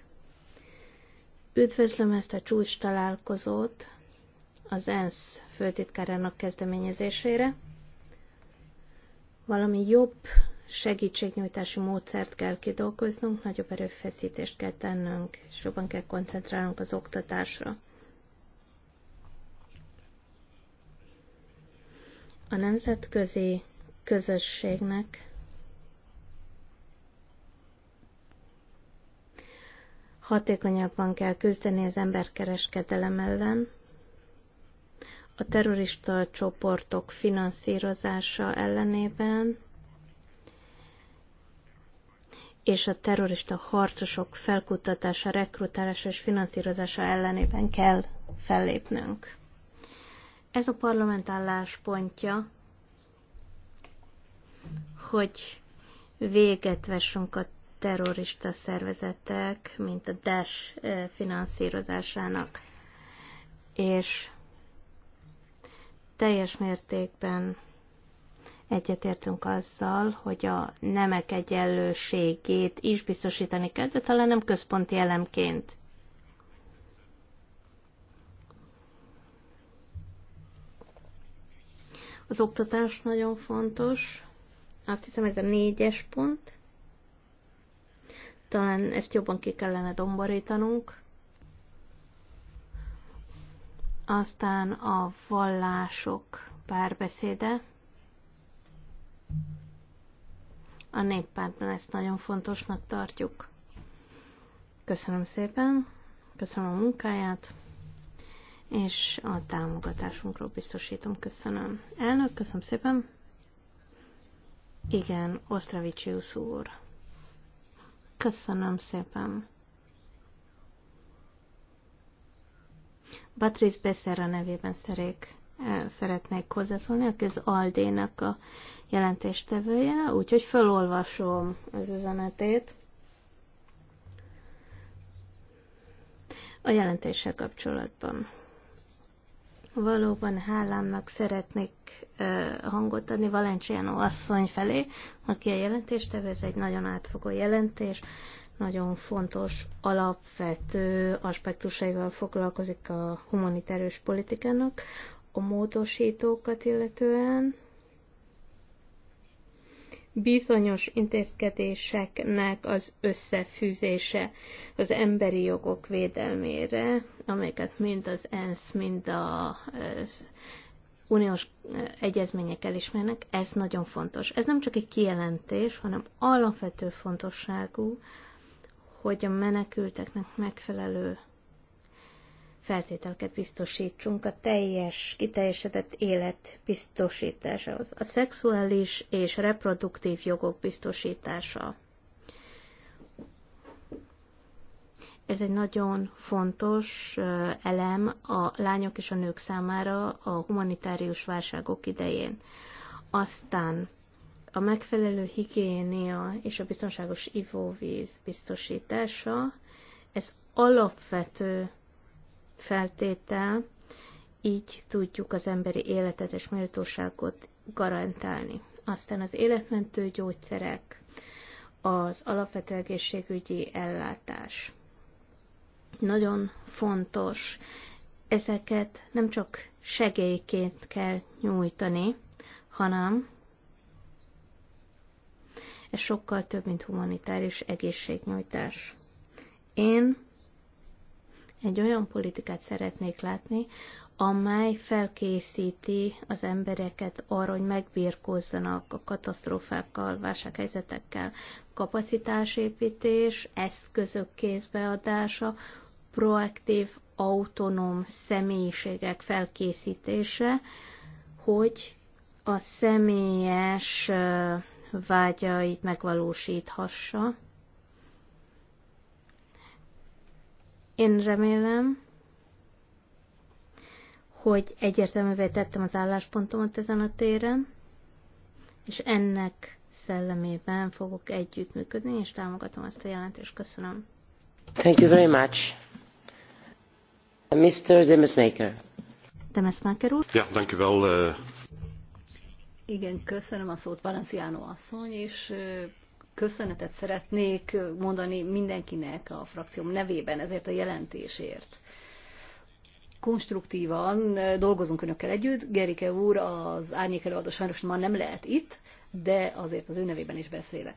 Üdvözlöm ezt a csúcs találkozót, az ENSZ főtitkárának kezdeményezésére. Valami jobb segítségnyújtási módszert kell kidolgoznunk, nagyobb erőfeszítést kell tennünk, és jobban kell koncentrálnunk az oktatásra. A nemzetközi közösségnek hatékonyabban kell küzdeni az emberkereskedelem ellen, a terrorista csoportok finanszírozása ellenében és a terrorista harcosok felkutatása, rekrutálása és finanszírozása ellenében kell fellépnünk. Ez a parlament álláspontja, hogy véget vessünk a terrorista szervezetek, mint a Dash eh, finanszírozásának. És teljes mértékben egyetértünk azzal, hogy a nemek egyenlőségét is biztosítani kell, de talán nem központi elemként. Az oktatás nagyon fontos. Azt hiszem ez a négyes pont. Talán ezt jobban ki kellene domborítanunk. Aztán a vallások párbeszéde. A néppártban ezt nagyon fontosnak tartjuk. Köszönöm szépen, köszönöm a munkáját, és a támogatásunkról biztosítom. Köszönöm. Elnök, köszönöm szépen. Igen, Osztravicsius úr. Köszönöm szépen. Patrice Besserra nevében szerék, eh, szeretnék hozzászólni, aki az Aldénak a jelentéstevője, úgyhogy felolvasom az üzenetét. A jelentéssel kapcsolatban. Valóban hálámnak szeretnék eh, hangot adni Valenciano asszony felé, aki a jelentéstevő, ez egy nagyon átfogó jelentés, nagyon fontos alapvető aspektusaival foglalkozik a humanitárius politikának, a módosítókat illetően. Bizonyos intézkedéseknek az összefűzése az emberi jogok védelmére, amelyeket mind az ENSZ, mind a uniós egyezmények elismernek, ez nagyon fontos. Ez nem csak egy kijelentés, hanem alapvető fontosságú, hogy a menekülteknek megfelelő feltételeket biztosítsunk a teljes, kiteljesedett élet biztosításához. A szexuális és reproduktív jogok biztosítása. Ez egy nagyon fontos elem a lányok és a nők számára a humanitárius válságok idején. Aztán a megfelelő higiénia és a biztonságos ivóvíz biztosítása, ez alapvető feltétel, így tudjuk az emberi életet és méltóságot garantálni. Aztán az életmentő gyógyszerek, az alapvető egészségügyi ellátás. Nagyon fontos, ezeket nem csak segélyként kell nyújtani, hanem ez sokkal több, mint humanitárius egészségnyújtás. Én egy olyan politikát szeretnék látni, amely felkészíti az embereket arra, hogy megbírkozzanak a katasztrófákkal, válsághelyzetekkel. Kapacitásépítés, eszközök kézbeadása, proaktív, autonóm személyiségek felkészítése, hogy a személyes vágyait megvalósíthassa. Én remélem, hogy egyértelművé tettem az álláspontomat ezen a téren, és ennek szellemében fogok együttműködni, és támogatom ezt a jelentést. Köszönöm. Thank you very much. Mr. Demesmaker. Demesmaker úr. Ja, dank u uh, igen, köszönöm a szót, Valenciano asszony, és köszönetet szeretnék mondani mindenkinek a frakcióm nevében ezért a jelentésért. Konstruktívan dolgozunk önökkel együtt. Gerike úr, az árnyékelőadó sajnos ma nem lehet itt, de azért az ő nevében is beszélek.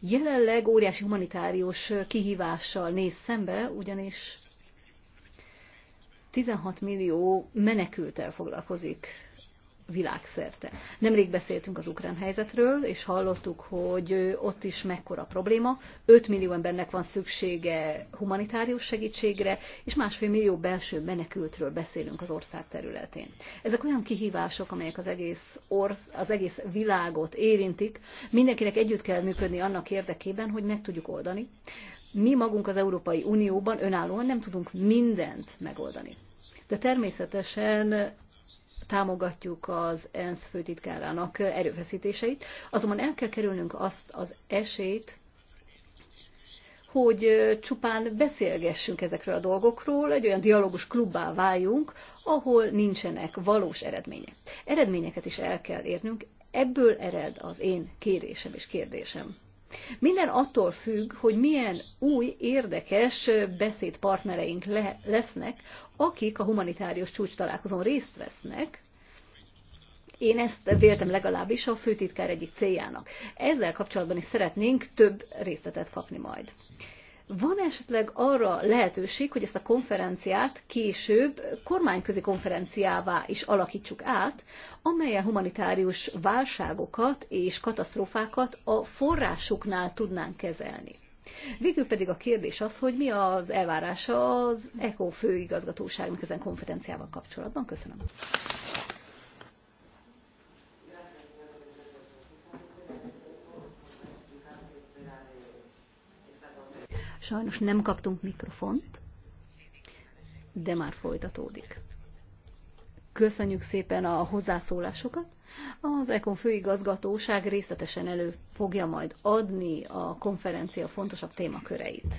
Jelenleg óriási humanitárius kihívással néz szembe, ugyanis 16 millió menekültel foglalkozik világszerte. Nemrég beszéltünk az ukrán helyzetről, és hallottuk, hogy ott is mekkora probléma. 5 millió embernek van szüksége humanitárius segítségre, és másfél millió belső menekültről beszélünk az ország területén. Ezek olyan kihívások, amelyek az egész, orsz, az egész világot érintik. Mindenkinek együtt kell működni annak érdekében, hogy meg tudjuk oldani. Mi magunk az Európai Unióban önállóan nem tudunk mindent megoldani. De természetesen támogatjuk az ENSZ főtitkárának erőfeszítéseit, azonban el kell kerülnünk azt az esélyt, hogy csupán beszélgessünk ezekről a dolgokról, egy olyan dialógus klubbá váljunk, ahol nincsenek valós eredmények. Eredményeket is el kell érnünk, ebből ered az én kérésem és kérdésem. Minden attól függ, hogy milyen új, érdekes beszédpartnereink le- lesznek, akik a humanitárius csúcs találkozón részt vesznek, én ezt véltem legalábbis a főtitkár egyik céljának. Ezzel kapcsolatban is szeretnénk több részletet kapni majd. Van esetleg arra lehetőség, hogy ezt a konferenciát később kormányközi konferenciává is alakítsuk át, amelyen humanitárius válságokat és katasztrófákat a forrásuknál tudnánk kezelni. Végül pedig a kérdés az, hogy mi az elvárása az ECO főigazgatóságnak ezen konferenciával kapcsolatban. Köszönöm. Sajnos nem kaptunk mikrofont, de már folytatódik. Köszönjük szépen a hozzászólásokat. Az EKON főigazgatóság részletesen elő fogja majd adni a konferencia fontosabb témaköreit.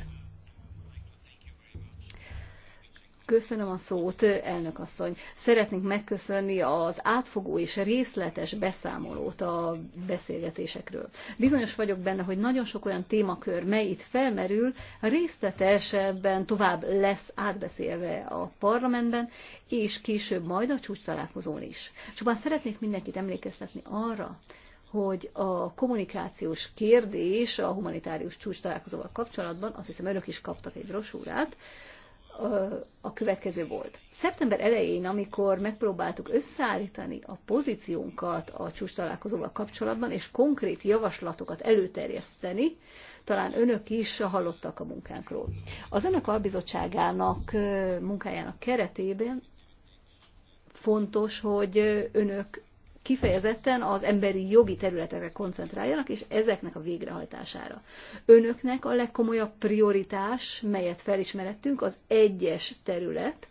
Köszönöm a szót, elnök asszony. Szeretnénk megköszönni az átfogó és részletes beszámolót a beszélgetésekről. Bizonyos vagyok benne, hogy nagyon sok olyan témakör, mely itt felmerül, részletesebben tovább lesz átbeszélve a parlamentben, és később majd a csúcs találkozón is. Csupán szeretnék mindenkit emlékeztetni arra, hogy a kommunikációs kérdés a humanitárius csúcs találkozóval kapcsolatban, azt hiszem önök is kaptak egy brosúrát, a következő volt. Szeptember elején, amikor megpróbáltuk összeállítani a pozíciónkat a csúcs találkozóval kapcsolatban, és konkrét javaslatokat előterjeszteni, talán önök is hallottak a munkánkról. Az önök albizottságának munkájának keretében fontos, hogy önök kifejezetten az emberi jogi területekre koncentráljanak, és ezeknek a végrehajtására. Önöknek a legkomolyabb prioritás, melyet felismerettünk, az egyes terület,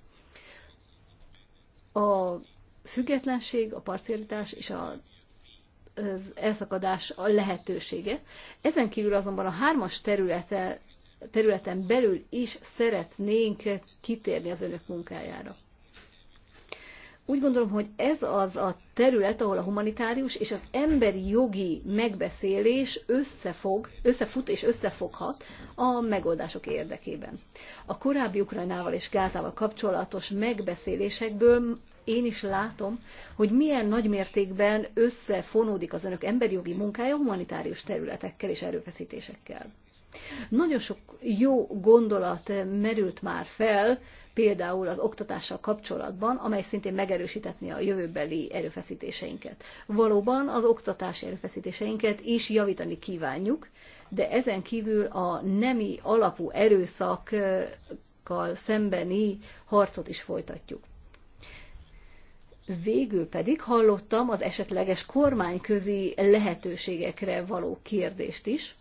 a függetlenség, a parcialitás és a az elszakadás a lehetősége. Ezen kívül azonban a hármas területe, területen belül is szeretnénk kitérni az önök munkájára. Úgy gondolom, hogy ez az a terület, ahol a humanitárius és az emberi jogi megbeszélés összefog, összefut és összefoghat a megoldások érdekében. A korábbi Ukrajnával és Gázával kapcsolatos megbeszélésekből én is látom, hogy milyen nagy mértékben összefonódik az önök emberi jogi munkája humanitárius területekkel és erőfeszítésekkel. Nagyon sok jó gondolat merült már fel, például az oktatással kapcsolatban, amely szintén megerősítetné a jövőbeli erőfeszítéseinket. Valóban az oktatási erőfeszítéseinket is javítani kívánjuk, de ezen kívül a nemi alapú erőszakkal szembeni harcot is folytatjuk. Végül pedig hallottam az esetleges kormányközi lehetőségekre való kérdést is,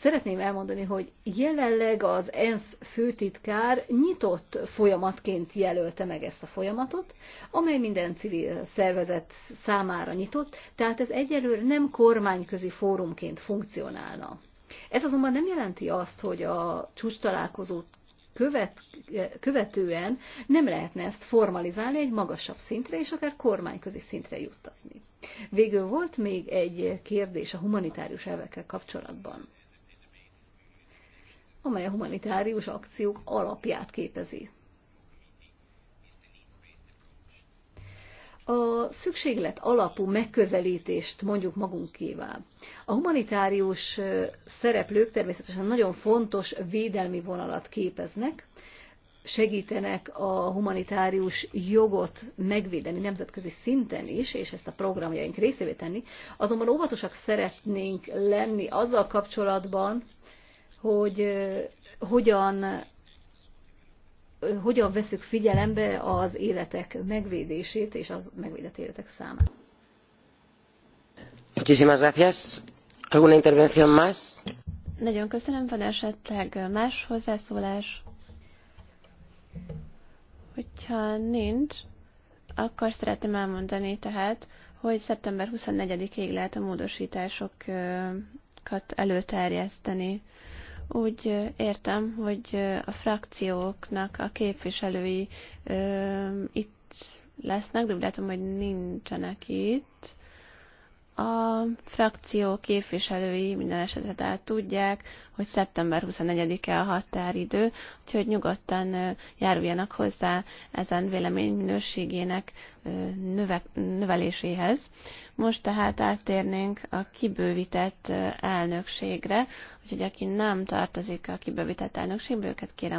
Szeretném elmondani, hogy jelenleg az ENSZ főtitkár nyitott folyamatként jelölte meg ezt a folyamatot, amely minden civil szervezet számára nyitott, tehát ez egyelőre nem kormányközi fórumként funkcionálna. Ez azonban nem jelenti azt, hogy a csúcs találkozót követ, követően nem lehetne ezt formalizálni egy magasabb szintre, és akár kormányközi szintre juttatni. Végül volt még egy kérdés a humanitárius elvekkel kapcsolatban amely a humanitárius akciók alapját képezi. a szükséglet alapú megközelítést mondjuk magunkévá. A humanitárius szereplők természetesen nagyon fontos védelmi vonalat képeznek, segítenek a humanitárius jogot megvédeni nemzetközi szinten is, és ezt a programjaink részévé tenni, azonban óvatosak szeretnénk lenni azzal kapcsolatban, hogy hogyan hogyan veszük figyelembe az életek megvédését és az megvédett életek számát. Muchísimas gracias. ¿Alguna intervención más? Nagyon köszönöm. Van esetleg más hozzászólás? Hogyha nincs, akkor szeretném elmondani tehát, hogy szeptember 24-ig lehet a módosításokat előterjeszteni. Úgy értem, hogy a frakcióknak a képviselői itt lesznek, de úgy látom, hogy nincsenek itt. A frakció képviselői minden esetre tudják, hogy szeptember 24-e a határidő, úgyhogy nyugodtan járuljanak hozzá ezen vélemény minőségének növe, növeléséhez. Most tehát áttérnénk a kibővített elnökségre, úgyhogy aki nem tartozik a kibővített elnökségbe, őket kérem